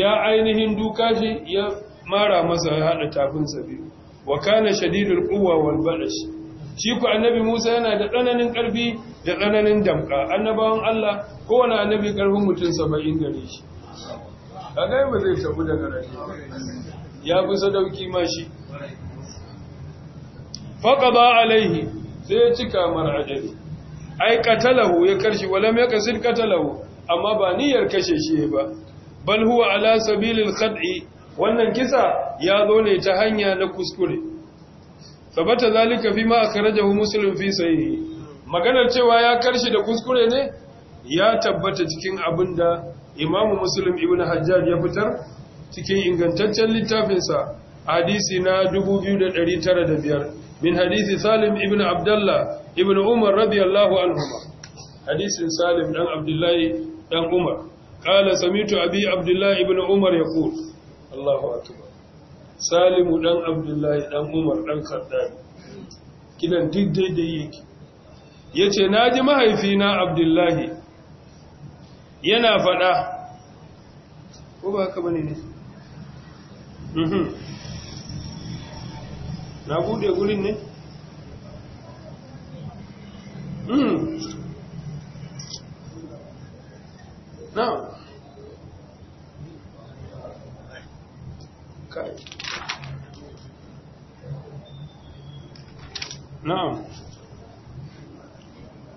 ya ainihin duka shi ya mara masa ya hada tafinsa biyu wa kana shadidul quwwa wal balash shi ku annabi musa yana da tsananin karfi da tsananin damka annabawan Allah kowane annabi karfin mutum 70 gare shi kaga ba zai tabu daga rashi ya fi sadauki ma shi faqada alaihi sai ya cika mar ajali ai katalahu ya karshi walam yaqsid katalahu amma ba niyyar kashe shi ba bal huwa ala sabilil khad'i wannan kisa ya zo ne ta hanya na kuskure sabata zalika fi ma akhrajahu muslim fi sahihi maganar cewa ya karshi da kuskure ne ya tabbata cikin abinda imam muslim ibn hajjaj ya fitar cikin ingantaccen littafinsa hadisi na 2905 min hadisi salim ibn abdullah ibn umar radiyallahu anhuma hadisin salim dan abdullahi dan umar qala samitu abi abdullah ibn umar yaqul allahu akbar salim abdullahi dan umar dan khaddam kidan duk daidai yake yace naji mahaifina abdullahi yana fada ko ba haka bane ne mhm. ta bude gurin ne hmm. na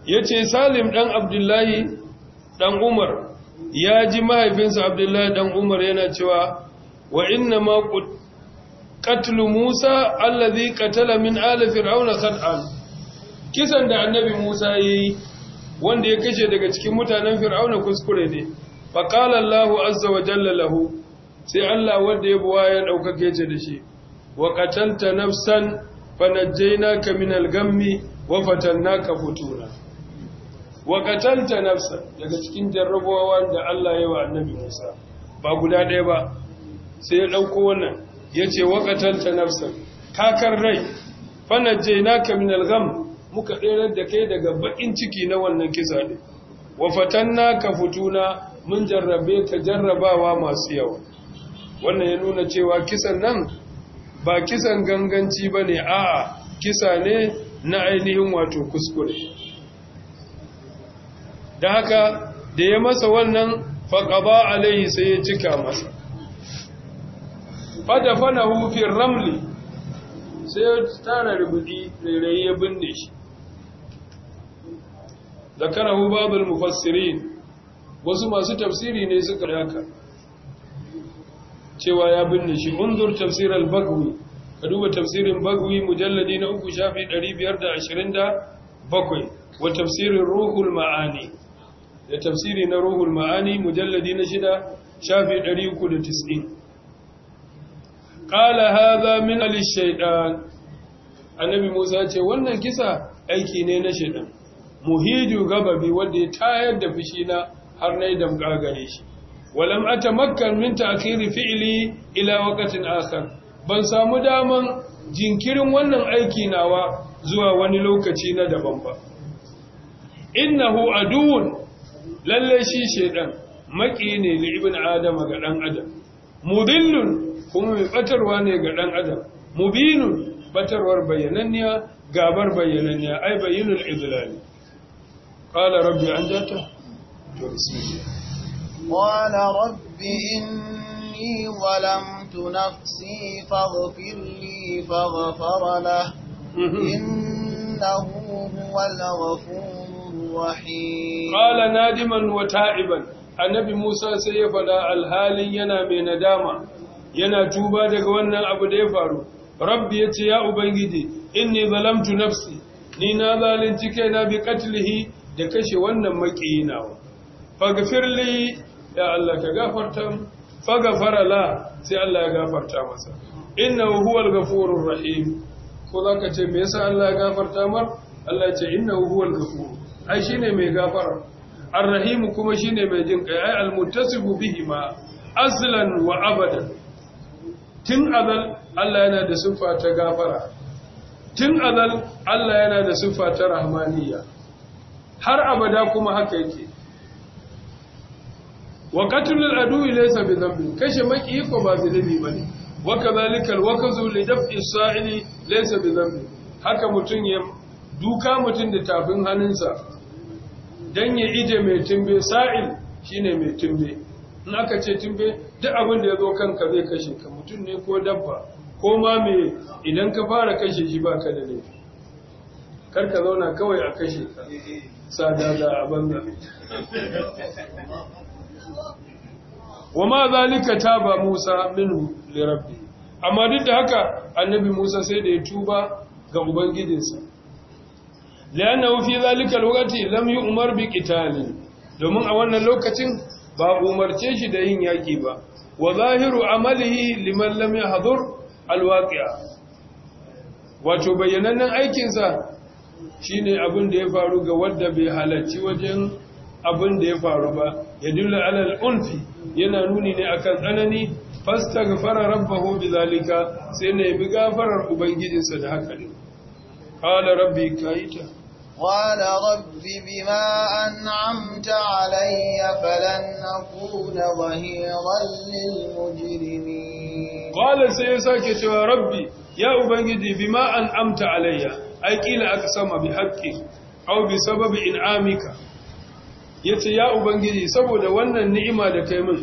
ya yace Salim ɗan Abdullahi dan Umar ya ji mahaifinsa Abdullahi ɗan Umar yana cewa wa inna ma katlu musa الذي قتل من Fir'auna فرعون خطأ kisan da annabi Musa ya yi wanda ya kashe daga cikin mutanen Fir'auna kuskure ne fa qala Allahu azza wa jalla lahu sai Allah wanda ya buwa ya daukake ce da shi wa qatalta nafsan fa najjaynaka min al-ghammi wa fatannaka futuna wa qatalta nafsan daga cikin jarrabawa da Allah ya wa annabi Musa ba guda ɗaya ba sai ya dauko wannan yace wa qatalta nafsan kakar rai je min kaminal gam muka ɗerar da kai daga baƙin ciki na wannan kisa ne wa ka fituna mun jarrabe ka jarrabawa masu yawa wannan ya nuna cewa kisan nan ba kisan ganganci ba ne? a'a kisa ne na ainihin wato kuskure da haka da ya masa wannan faƙaba alaihi sai ya cika masa fadafanahu fi ramli sai ya tara rubuɗi rairayi ya binne shi zakarahu babul mufassirin wasu masu tafsiri ne suka haka cewa ya binne shi unzur tafsir al-bagwi ka duba tafsirin bagwi mujalladi na uku shafi 527 wa tafsirin ruhul ma'ani da tafsiri na ruhul ma'ani mujalladi na shida shafi 390 ƙala haza min al-shaytan annabi Musa ce wannan kisa aiki ne na shaytan muhiju gababi wanda ya tayar da fushi na har nayi da gare shi walam atamakkan min ta'khiri fi'li ila waqtin akhar ban samu daman jinkirin wannan aiki nawa zuwa wani lokaci na daban ba innahu aduwwun lalle shi shaiɗan maki ne li ibn adama ga dan adam mudillun kuma mai batarwa ne ga ɗan adam mubinun batarwar bayyananniya gabar bayyananniya ai bayyinul idlali qala rabbi anjata to bismillah qala rabbi inni zalamtu nafsi faghfir li faghfara lah innahu huwal ghafurur rahim qala nadiman wa ta'iban annabi Musa sai ya fada alhalin yana mai nadama yana tuba daga wannan abu da ya faru rabbi ya ce ya ubangiji inni zalamtu nafsi ni na zalunci kaina bi qatlihi da kashe wannan maƙiyi nawa faghfirli ya Allah ka gafarta faghfara la sai Allah ya gafarta masa innahu huwal ghafurur rahim ko zaka ce me yasa Allah ya gafarta mar Allah ya ce innahu huwal ghafur ai shine mai gafara ar-rahim kuma shine mai jin kai ai almuttasibu bihi ma aslan wa abadan tun azal Allah yana da siffa ta gafara tun azal Allah yana da siffa ta rahmaniyya har abada kuma haka yake wa qatlul adu laysa bi dhanbin kashe maki ko ba bi bane wa kadhalika al li daf'i sa'ili laysa bi dhanbin haka mutun ya duka mutun da tafin hannunsa dan ya ije mai timbe sa'il shine mai timbe in aka ce tumbe duk abin da ya zo kanka zai kashe ka mutum ne ko dabba ko ma me idan ka fara kashe shi ba ka da laifi kar ka zauna kawai a kashe ka sada da a banza wa ma zalika ba Musa minu li rabbi amma duk da haka annabi Musa sai da ya tuba ga ubangijinsa la'annahu fi zalika alwaqti lam yu'mar bi domin a wannan lokacin ba umarce shi da yin yaki ba wa zahiru amalihi liman lam yahdhur alwaqi'a wato bayyanannen sa shine abin da ya faru ga wanda bai halarci wajen abin da ya faru ba yadullu alal unfi yana nuni ne akan tsanani fastaghfara rabbahu bizalika sai ne bi gafarar ubangijinsa da haka ne qala rabbi kaita qala rabbi bima an'am فلن أكون ظهيرا للمجرمين قال سيساك يا ربي يا أبنجدي بما أنعمت علي أي كيل أقسم بحقك أو بسبب إنعامك yace ya ubangiji saboda wannan ni'ima da kai min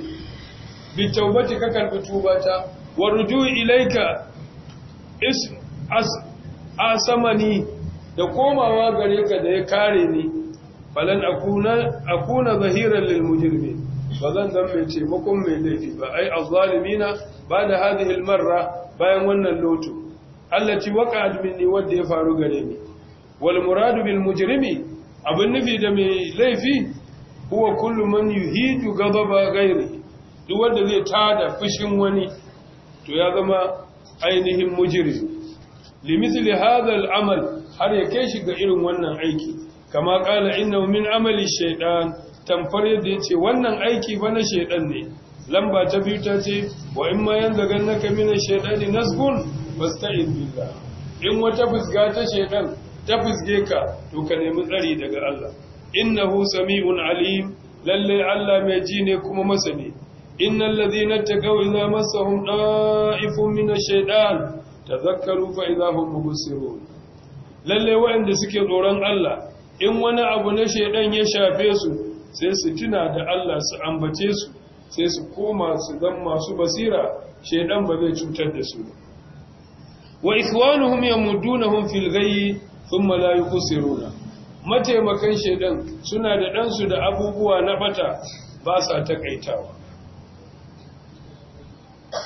bi taubati ka karbi tubata wa ruju ilaika is as asamani da komawa gare ka da ya kare ni falan akuna zahiran lil mujrimin ba zan zan mai taimakon mai laifi ba ai azzalimina ba da hadhihi ra bayan wannan lotu allati waqa'at minni wanda ya faru gare ni wal muradu bil mujrimi abin nufi da mai laifi huwa kullu man yuhidu ghadaba ghairi duk wanda zai tada fushin wani to ya zama ainihin mujrim limithli hadha al amal har ya kai shi ga irin wannan aiki kama kala innahu min amali shaytan tamfar yadda yace wannan aiki ba na shaytan ne lamba ta biyu ta ce wa in ma yanzaganaka min ash-shaytani nasgun billah in wata fusga ta shaiɗan, ta fusge ka to ka nemi tsari daga Allah innahu sami'un alim lalle Allah mai ji ne kuma masani innal ladhina taqaw idza massahum da'ifun min ash-shaytan tadhakkaru fa idza mubsirun lalle waɗanda suke tsoron Allah in wani abu na shaidan ya shafe su sai su tuna da Allah su ambace su sai su koma su zan masu basira shaidan ba zai cutar da su wa ikhwanuhum yamudunahum fil ghayy thumma la yuqsiruna mataimakan shaidan suna da ɗansu da abubuwa na bata ba sa takaitawa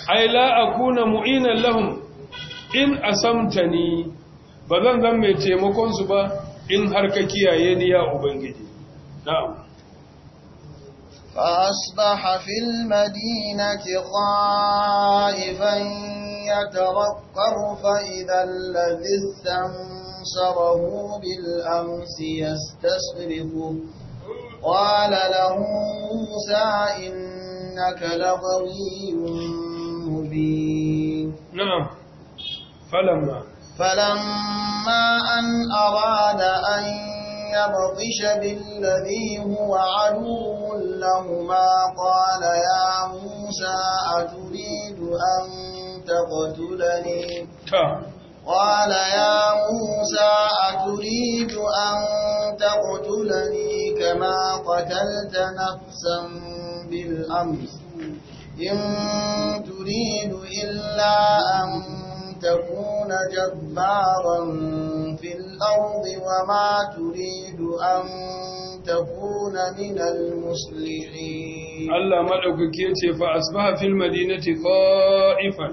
ai la akuna mu'ina lahum in asamtani ba zan zan mai taimakon su ba in har ka kiyaye ni ya ubangiji na'am فأصبح في المدينة خائفا يترقب فإذا الذي استنصره بالأمس يستصرخه قال له موسى إنك لغوي مبين نعم فلما فلما أن أراد أن يبطش بالذي هو عدو لهما قال يا موسى أتريد أن تقتلني قال يا موسى أتريد أن تقتلني كما قتلت نفسا بالأمس إن تريد إلا أن تكون جبارا في الأرض وما تريد أن تكون من المصلحين الله ملك كيتي فأصبح في المدينة خائفا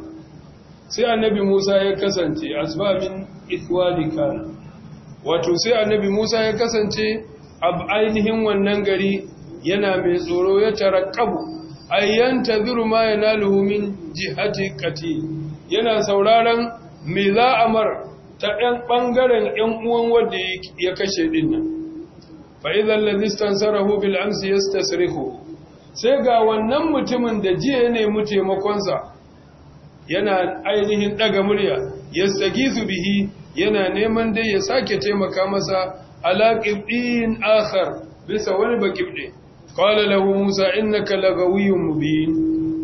سي النبي موسى يكسنتي أصبح من إخواني كان wato sai annabi Musa ya kasance a ainihin wannan gari yana mai tsoro ya tarakkabu ayyan taziru ma yanaluhu min jihati qatil yana sauraron me za a ta ɗan ɓangaren ‘yan uwan wadda ya kashe ɗin nan fa'izan lazistan sarahu bil amsi ya sai ga wannan mutumin da jiya ya nemi taimakonsa yana ainihin ɗaga murya ya su bihi yana neman dai ya sake taimaka masa ala akhar bisa wani ba ƙibɗe ƙwala lahu musa innaka lagawiyyun mubin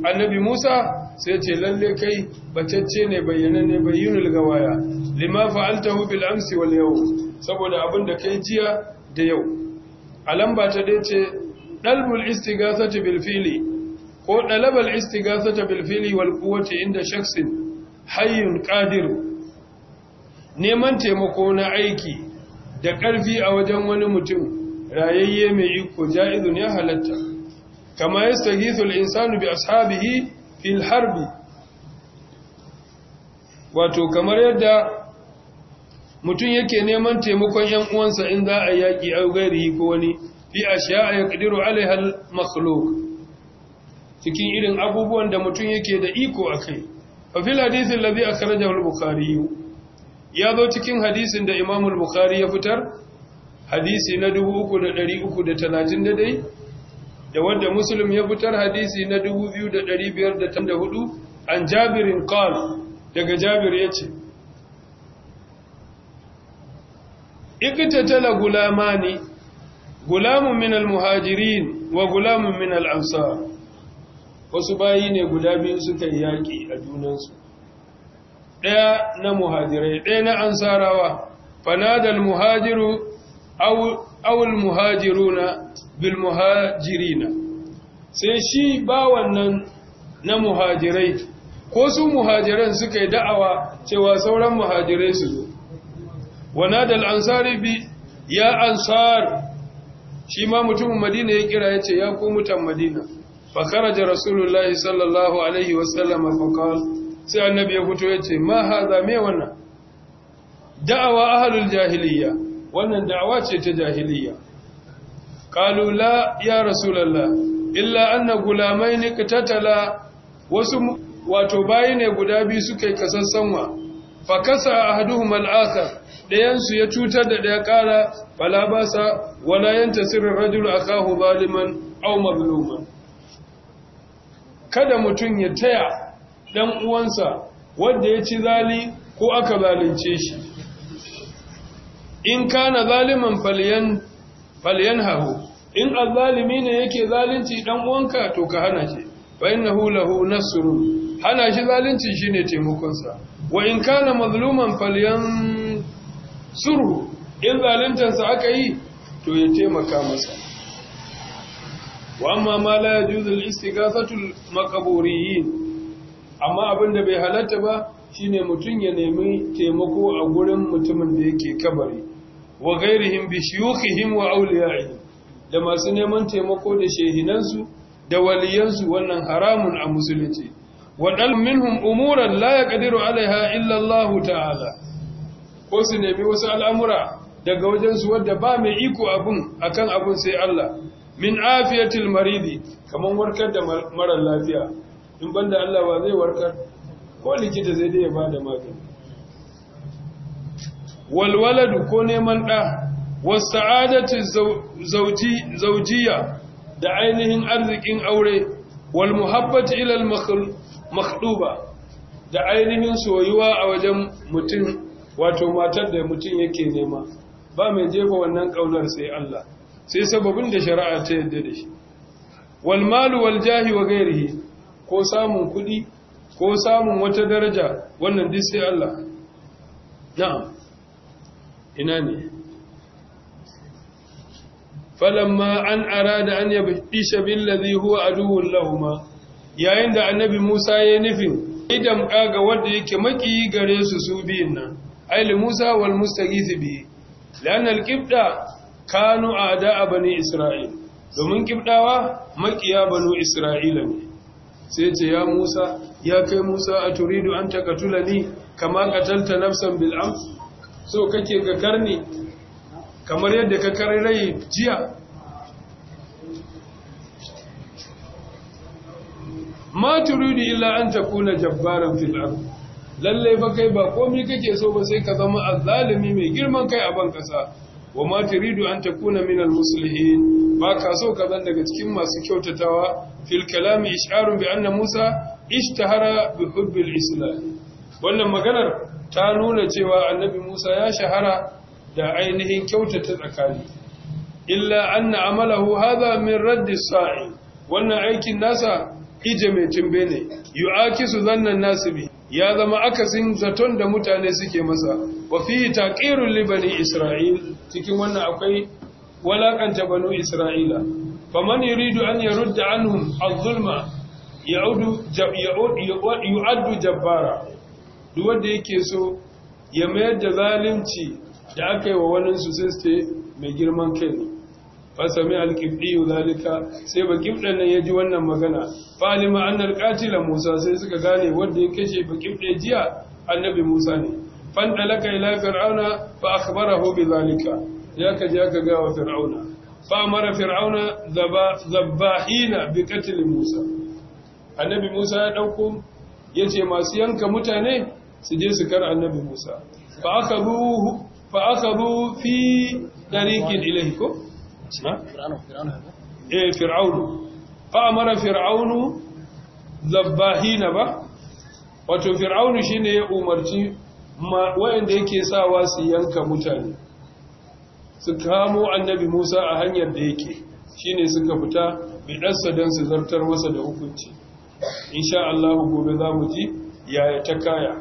annabi musa sai ce lalle kai bacacce ne bayyana ne bayyunul gawaya lima fa'altahu bil amsi wal yau saboda abin da kai jiya da yau a lamba ta dace ce dalbul istighasati bil fili ko dalabal istighasati bil fili wal quwwati inda shakhsin hayyun qadir neman taimako na aiki da ƙarfi a wajen wani mutum rayayye mai iko ja'izun ya halatta kama al insanu bi ashabihi fil harbi wato kamar yadda mutum yake neman taimakon ‘yan uwansa in za a yaƙi a ko wani fi a ya ƙadiru alaihal makhluq cikin irin abubuwan da mutum yake da iko a kai a fil hadisin allazi akhrajahu al bukari ya zo cikin hadisin da imamul bukari ya fitar hadisi na 3,330 da dai da wanda muslim ya fitar hadisi na 2534 an jabirin qal daga jabir ya ce. Ikita tala gulama ne, gulamun minal muhajirin wa gulamun minal ansa wasu bayi ne guda biyu suka yaƙi a junansu ɗaya na muhajirai ɗaya na ansarawa fanadal muhajiru aw almuhajiruna bil muhajirina sai shi ba wannan na muhajirai ko su muhajiran suka yi da'awa cewa sauran muhajirai su zo wanada al-ansari bi ya ansar shi ma mutumin madina ya kira yace ya ko mutan madina fa kharaja rasulullahi sallallahu alaihi wasallam fa qala sai annabi ya fito yace ma hadha me wannan da'awa ahlul jahiliyya wannan da'awa ce ta jahiliya qalu la ya rasulullah illa anna gulamain qatatala wasu wato bayi ne guda biyu suka yi kasassanwa fa kasa ahaduhum al-akhar dayan su ya cutar da daya kara bala basa wala yantasir ar-rajul akahu zaliman aw mazluman kada mutun ya taya dan uwansa wanda ya ci zali ko aka zalunce shi in kana zaliman falyan hahu, in azzalimi ne yake zalunci dan uwanka to ka hana shi fa innahu lahu nasru hana shi zalunci shine taimakon sa wa in kana mazluman falyan surhu in zaluntan sa aka yi to ya taimaka masa wa amma ma la yajuzu al-istighathatu al-maqburiyin amma abinda bai halatta ba shine mutum ya nemi taimako a gurin mutumin da yake kabari wa ghairihim bi shuyukhihim wa awliyaihim da masu neman taimako da shehinansu da waliyansu wannan haramun a musulunci wa dal minhum umuran la yaqdiru alaiha illa ta'ala ko su nemi wasu al'amura daga wajensu wadda ba mai iko a kan abun sai Allah min afiyatil maridi kaman warkar da mara lafiya in banda Allah ba zai warkar ko likita zai dai ba da magani walwaladu ko neman ɗa wasa'adatu zaujiya da ainihin arzikin aure wal muhabbatu ila al makhduba da ainihin soyuwa a wajen mutum wato matar da mutum yake nema ba mai jefa wannan kaunar sai Allah sai sababin da shari'a ta yadda da shi Walmalu malu wa gairihi ko samun kuɗi. ko samun wata daraja wannan duk Allah na'am ina ne falamma an arada an bin billazi huwa duhun lahumma yayin da annabi Musa ya nufin idan ƙaga wanda yake makiyi gare su su biyin nan ayli Musa wal mustaghith bi lan al qibda kanu a'da bani isra'il domin kibdawa makiya banu isra'ila ne sai ce ya Musa ya kai Musa a turidu an takatula ni kama katalta nafsan bil'am so kake ka karni kamar yadda ka karirai jiya ma turidu illa an takuna jabbaran fil'am Lallai fa kai ba komi kake so ba sai ka zama azzalimi mai girman kai a ban kasa wa ma turidu an takuna min al-muslihin ba ka so ka zan daga cikin masu kyautatawa fil kalami isharun bi anna Musa ishtahara bi hubbil islam wannan maganar ta nuna cewa annabi Musa ya shahara da ainihin kyautata tsakani illa anna amalahu hadha min raddi sa'i wannan aikin nasa ije mai yu'akisu zannan nasibi ya zama akasin zaton da mutane suke masa wa fi taqirul li isra'il cikin wannan akwai walakanta banu isra'ila faman yuridu an yarudda anhum az-zulma ya'udu yu'addu jabbara duk wanda yake so ya mayar da zalunci da aka yi wa wannan su sai mai girman kai fasami alkifliyu zalika sai ba kifdan nan ya ji wannan magana falima annal qatila musa sai suka gane wanda ya kashe ba kifde jiya annabi musa ne fandalaka ila fir'auna fa akhbarahu bidhalika ya kaje ya kaga wa fir'auna fa amara fir'auna zabahina bi qatl musa annabi musa ya dauko yace masu yanka mutane su je su kar annabi musa fa akhadhu fa akhadhu fi Eh, fir'aunu fa amara fir'aunu zabbahina ba wato fir'aunu shine ya umarci waɗanda yake sawa su yanka mutane su kamo annabi Musa a hanyar da yake shine suka fita mai bidarsa don su zartar masa da hukunci insha allahu gobe za mu ji yaya ta kaya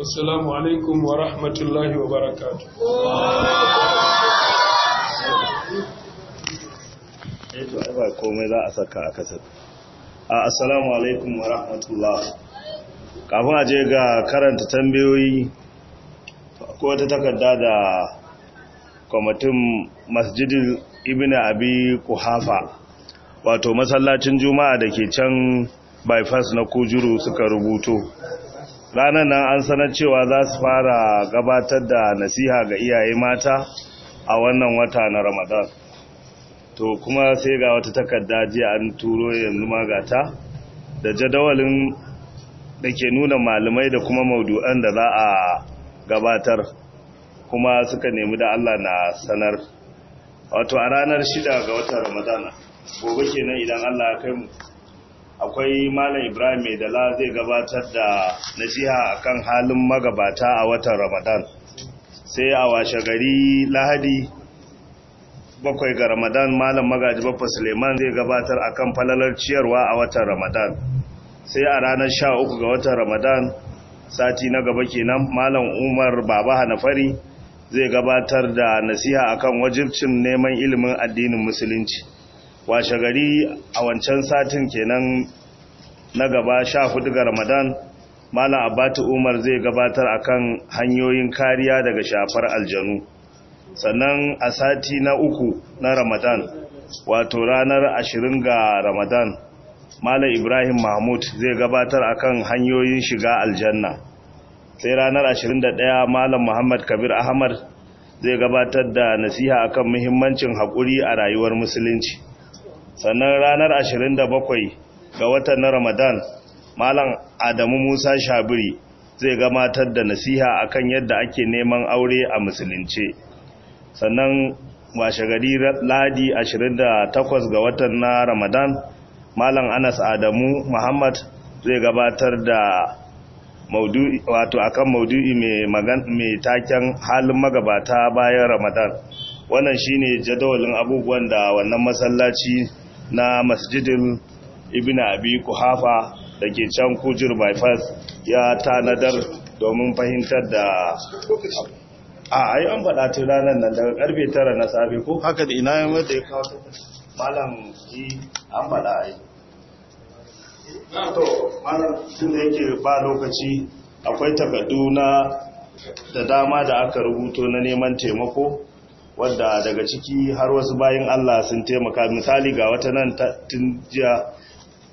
assalamu alaikum wa rahmatullahi wa barakatu. to ai ba komai za a saka a kasar a assalamu alaikum wa rahmatullah kafin a je ga karanta tambayoyi ko wata takarda da kwamitin masjidin ibn abi kuhafa wato masallacin juma'a da ke can bypass na kujuru suka rubuto ranar nan an sanar cewa za su fara gabatar da nasiha ga iyaye mata a wannan wata na ramadan to kuma sai ga wata takarda jiya an turo yanzu ma ta, da jadawalin da ke nuna malamai da kuma maudu'an da za a gabatar kuma suka nemi da Allah na sanar wato a ranar shida ga watan ramadana gobe kenan idan Allah ya kai mu akwai malam ibrahim mai dala zai gabatar da nasiha akan halin magabata a watan ramadan sai a washe gari lahadi bakwai ga ramadan malam magaji babba suleiman zai gabatar a kan falalar ciyarwa a watan ramadan sai a ranar sha uku ga watan ramadan sati na gaba kenan malam umar baba hanafari zai gabatar da nasiha akan wajibcin neman ilimin addinin musulunci washe gari a wancan satin kenan na gaba sha hudu ga ramadan malam abatu umar zai gabatar a kan hanyoyin kariya daga shafar aljanu sannan a sati na uku na ramadan wato ranar ashirin ga ramadan malam ibrahim mahmud zai gabatar akan hanyoyin shiga aljanna sai ranar ashirin da ɗaya malam muhammad kabir ahmad zai gabatar da nasiha akan muhimmancin haƙuri a rayuwar musulunci sannan ranar ashirin da bakwai ga watan na ramadan malam adamu musa shabiri zai gabatar da nasiha akan yadda ake neman aure a musulunce sannan washegari ladi 28 ga watan na ramadan malam anas adamu muhammad zai gabatar da maudu'i wato akan maudu'i mai taken halin magabata bayan Ramadan wannan shine jadawalin abubuwan da wannan masallaci na Masjidin Ibn Abi Kuhafa da ke can Kujur bypass ya tanadar domin fahimtar da a yi an faɗa tun ranar nan daga karfe tara na safe ko haka da ina yin wadda ya kawo ta malam ji an faɗa ai to malam tun da yake ba lokaci akwai takardu na da dama da aka rubuto na neman taimako wadda daga ciki har wasu bayan Allah sun taimaka misali ga wata nan tun jiya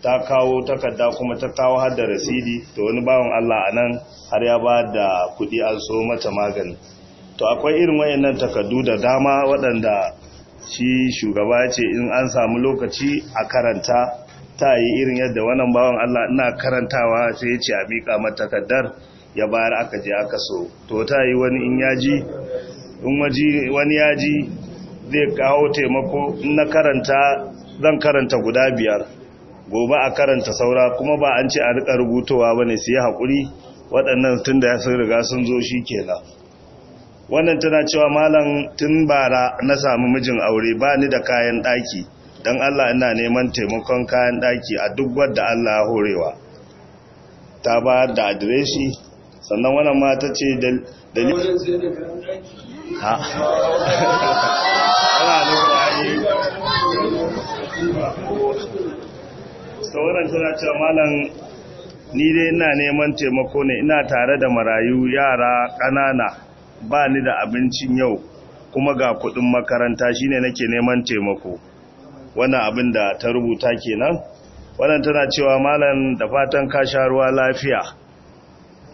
ta kawo takarda kuma ta kawo har da rasidi to wani bawan Allah a nan har ya ba da kuɗi an so mata magani to akwai irin wayannan takardu da dama waɗanda shi shugaba ce in an samu lokaci a karanta ta yi irin yadda wannan bawan Allah ina karantawa sai ya ce a miƙa mata takardar ya bayar aka je aka so to ta yi wani in yaji in waji wani yaji zai kawo taimako in na karanta zan karanta guda biyar gobe a karanta saura kuma ba an ce a rika rubutowa bane sai hakuri waɗannan tunda da ya sun riga sun zo shi kenan wannan tana cewa malam tun bara na samu mijin aure ba ni da kayan ɗaki don allah ina neman taimakon kayan ɗaki a duk wadda allah ya horewa ta ba da adireshi sannan wannan mata ce da ni. sauran tana cewa malam ni dai ina neman taimako ne ina tare da marayu yara ƙanana ba ni da abincin yau kuma ga kudin makaranta shine nake neman taimako wannan abin da ta rubuta kenan wannan tana cewa malam da fatan ka sha ruwa lafiya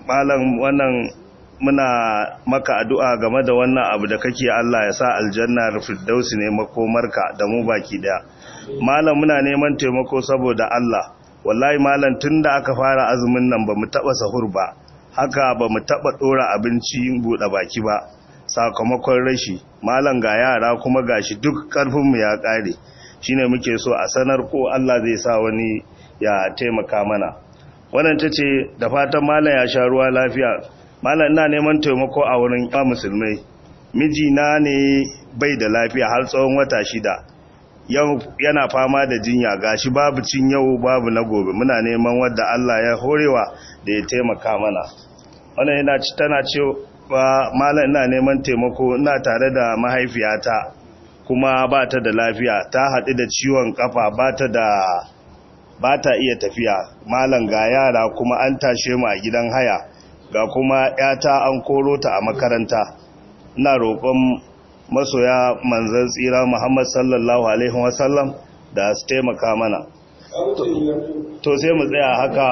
malam wannan muna maka addu'a game da wannan abu da kake Allah ya sa aljanna firdausi ne makomarka da mu baki daya malam muna neman taimako saboda Allah wallahi malam tunda aka fara azumin nan bamu taba sahur ba haka ba mu taɓa ɗora abinci buɗe baki ba sakamakon rashi malam ga yara kuma gashi duk karfin mu ya ƙare shine muke so a sanar ko Allah zai sa wani ya taimaka mana wannan tace da fatan malam ya sha ruwa lafiya malam ina neman taimako a wurin ya musulmai mijina ne bai da lafiya har tsawon wata shida yana fama da jinya gashi babu cin yau babu na gobe muna neman wadda Allah ya horewa da ya taimaka mana wannan yana tana cewa malam ina neman taimako ina tare da mahaifiyata kuma ba ta da lafiya ta haɗu da ciwon kafa ba ta da ba ta iya tafiya malam ga yara kuma an tashe mu a gidan haya ga kuma yata an koro ta a makaranta ina roƙon masoya manzan tsira muhammad sallallahu alaihi wasallam da su taimaka mana to sai mu tsaya haka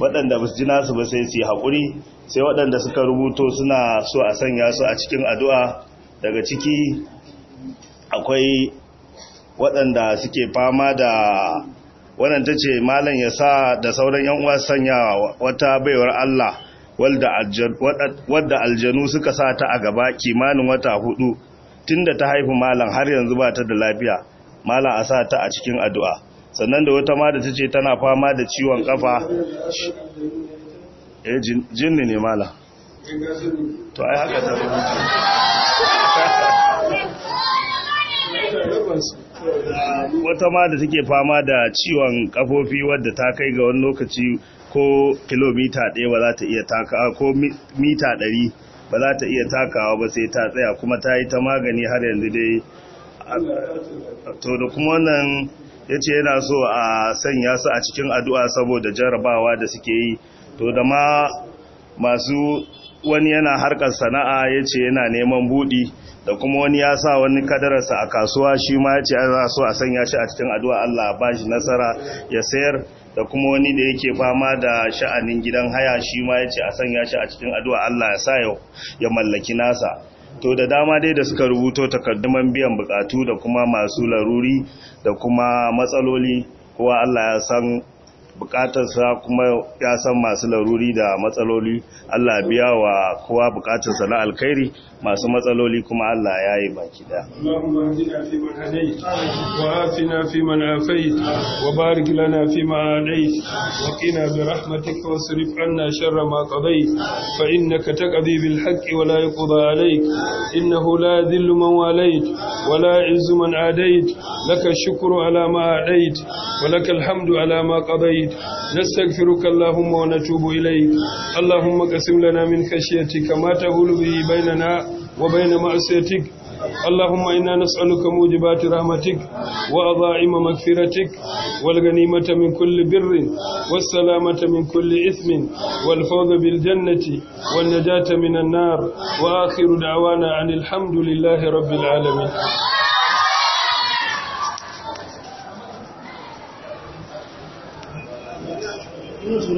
waɗanda ba su ji nasu ba sai su yi haƙuri sai waɗanda suka rubuto suna so a sanya su a cikin addu'a daga ciki akwai waɗanda suke fama da wannan ta ce malam ya sa da sauran yanuwa sanya wata baiwar Allah wadda aljanu suka sa ta a gaba kimanin wata hudu tunda ta haifi malam har yanzu ba ta da lafiya malam a sa ta a cikin addu'a sannan da wata ma ta ce tana fama da ciwon kafa E, jinni ne mala to ai haka ta wata ma da take fama da ciwon kafofi wadda ta kai ga wani lokaci ko kilomita ɗaya ba za ta iya takawa ko mita ɗari ba za ta iya takawa ba sai ta tsaya kuma ta yi ta magani har yanzu dai to da kuma wannan ya ce yana so a sanya su a cikin addu'a saboda jarabawa da suke yi to da ma masu wani yana harkar sana'a ya ce yana neman buɗi da kuma wani ya sa wani kadararsa a kasuwa shi ma ya ce ana so a sanya shi a cikin addu'a Allah ba shi nasara ya sayar da kuma wani da yake fama da sha'anin gidan haya shi ma ya ce a sanya shi a cikin addu'a Allah ya sa ya mallaki nasa to da dama dai da suka rubuto takadduman biyan bukatu da kuma masu laruri da kuma matsaloli kowa Allah ya san bukatarsa kuma ya san masu laruri da matsaloli Allah biya wa kowa bukatarsa na alkhairi masu matsaloli kuma Allah ya yi baki da Allahumma hadina fi man hadait wa afina fi man afait wa barik lana fi ma adait wa qina bi laka shukru wa هديت نستغفرك اللهم ونتوب إليك اللهم قسم لنا من خشيتك ما تهول به بيننا وبين معصيتك اللهم إنا نسألك موجبات رحمتك وأضاعم مغفرتك والغنيمة من كل بر والسلامة من كل إثم والفوز بالجنة والنجاة من النار وآخر دعوانا عن الحمد لله رب العالمين uno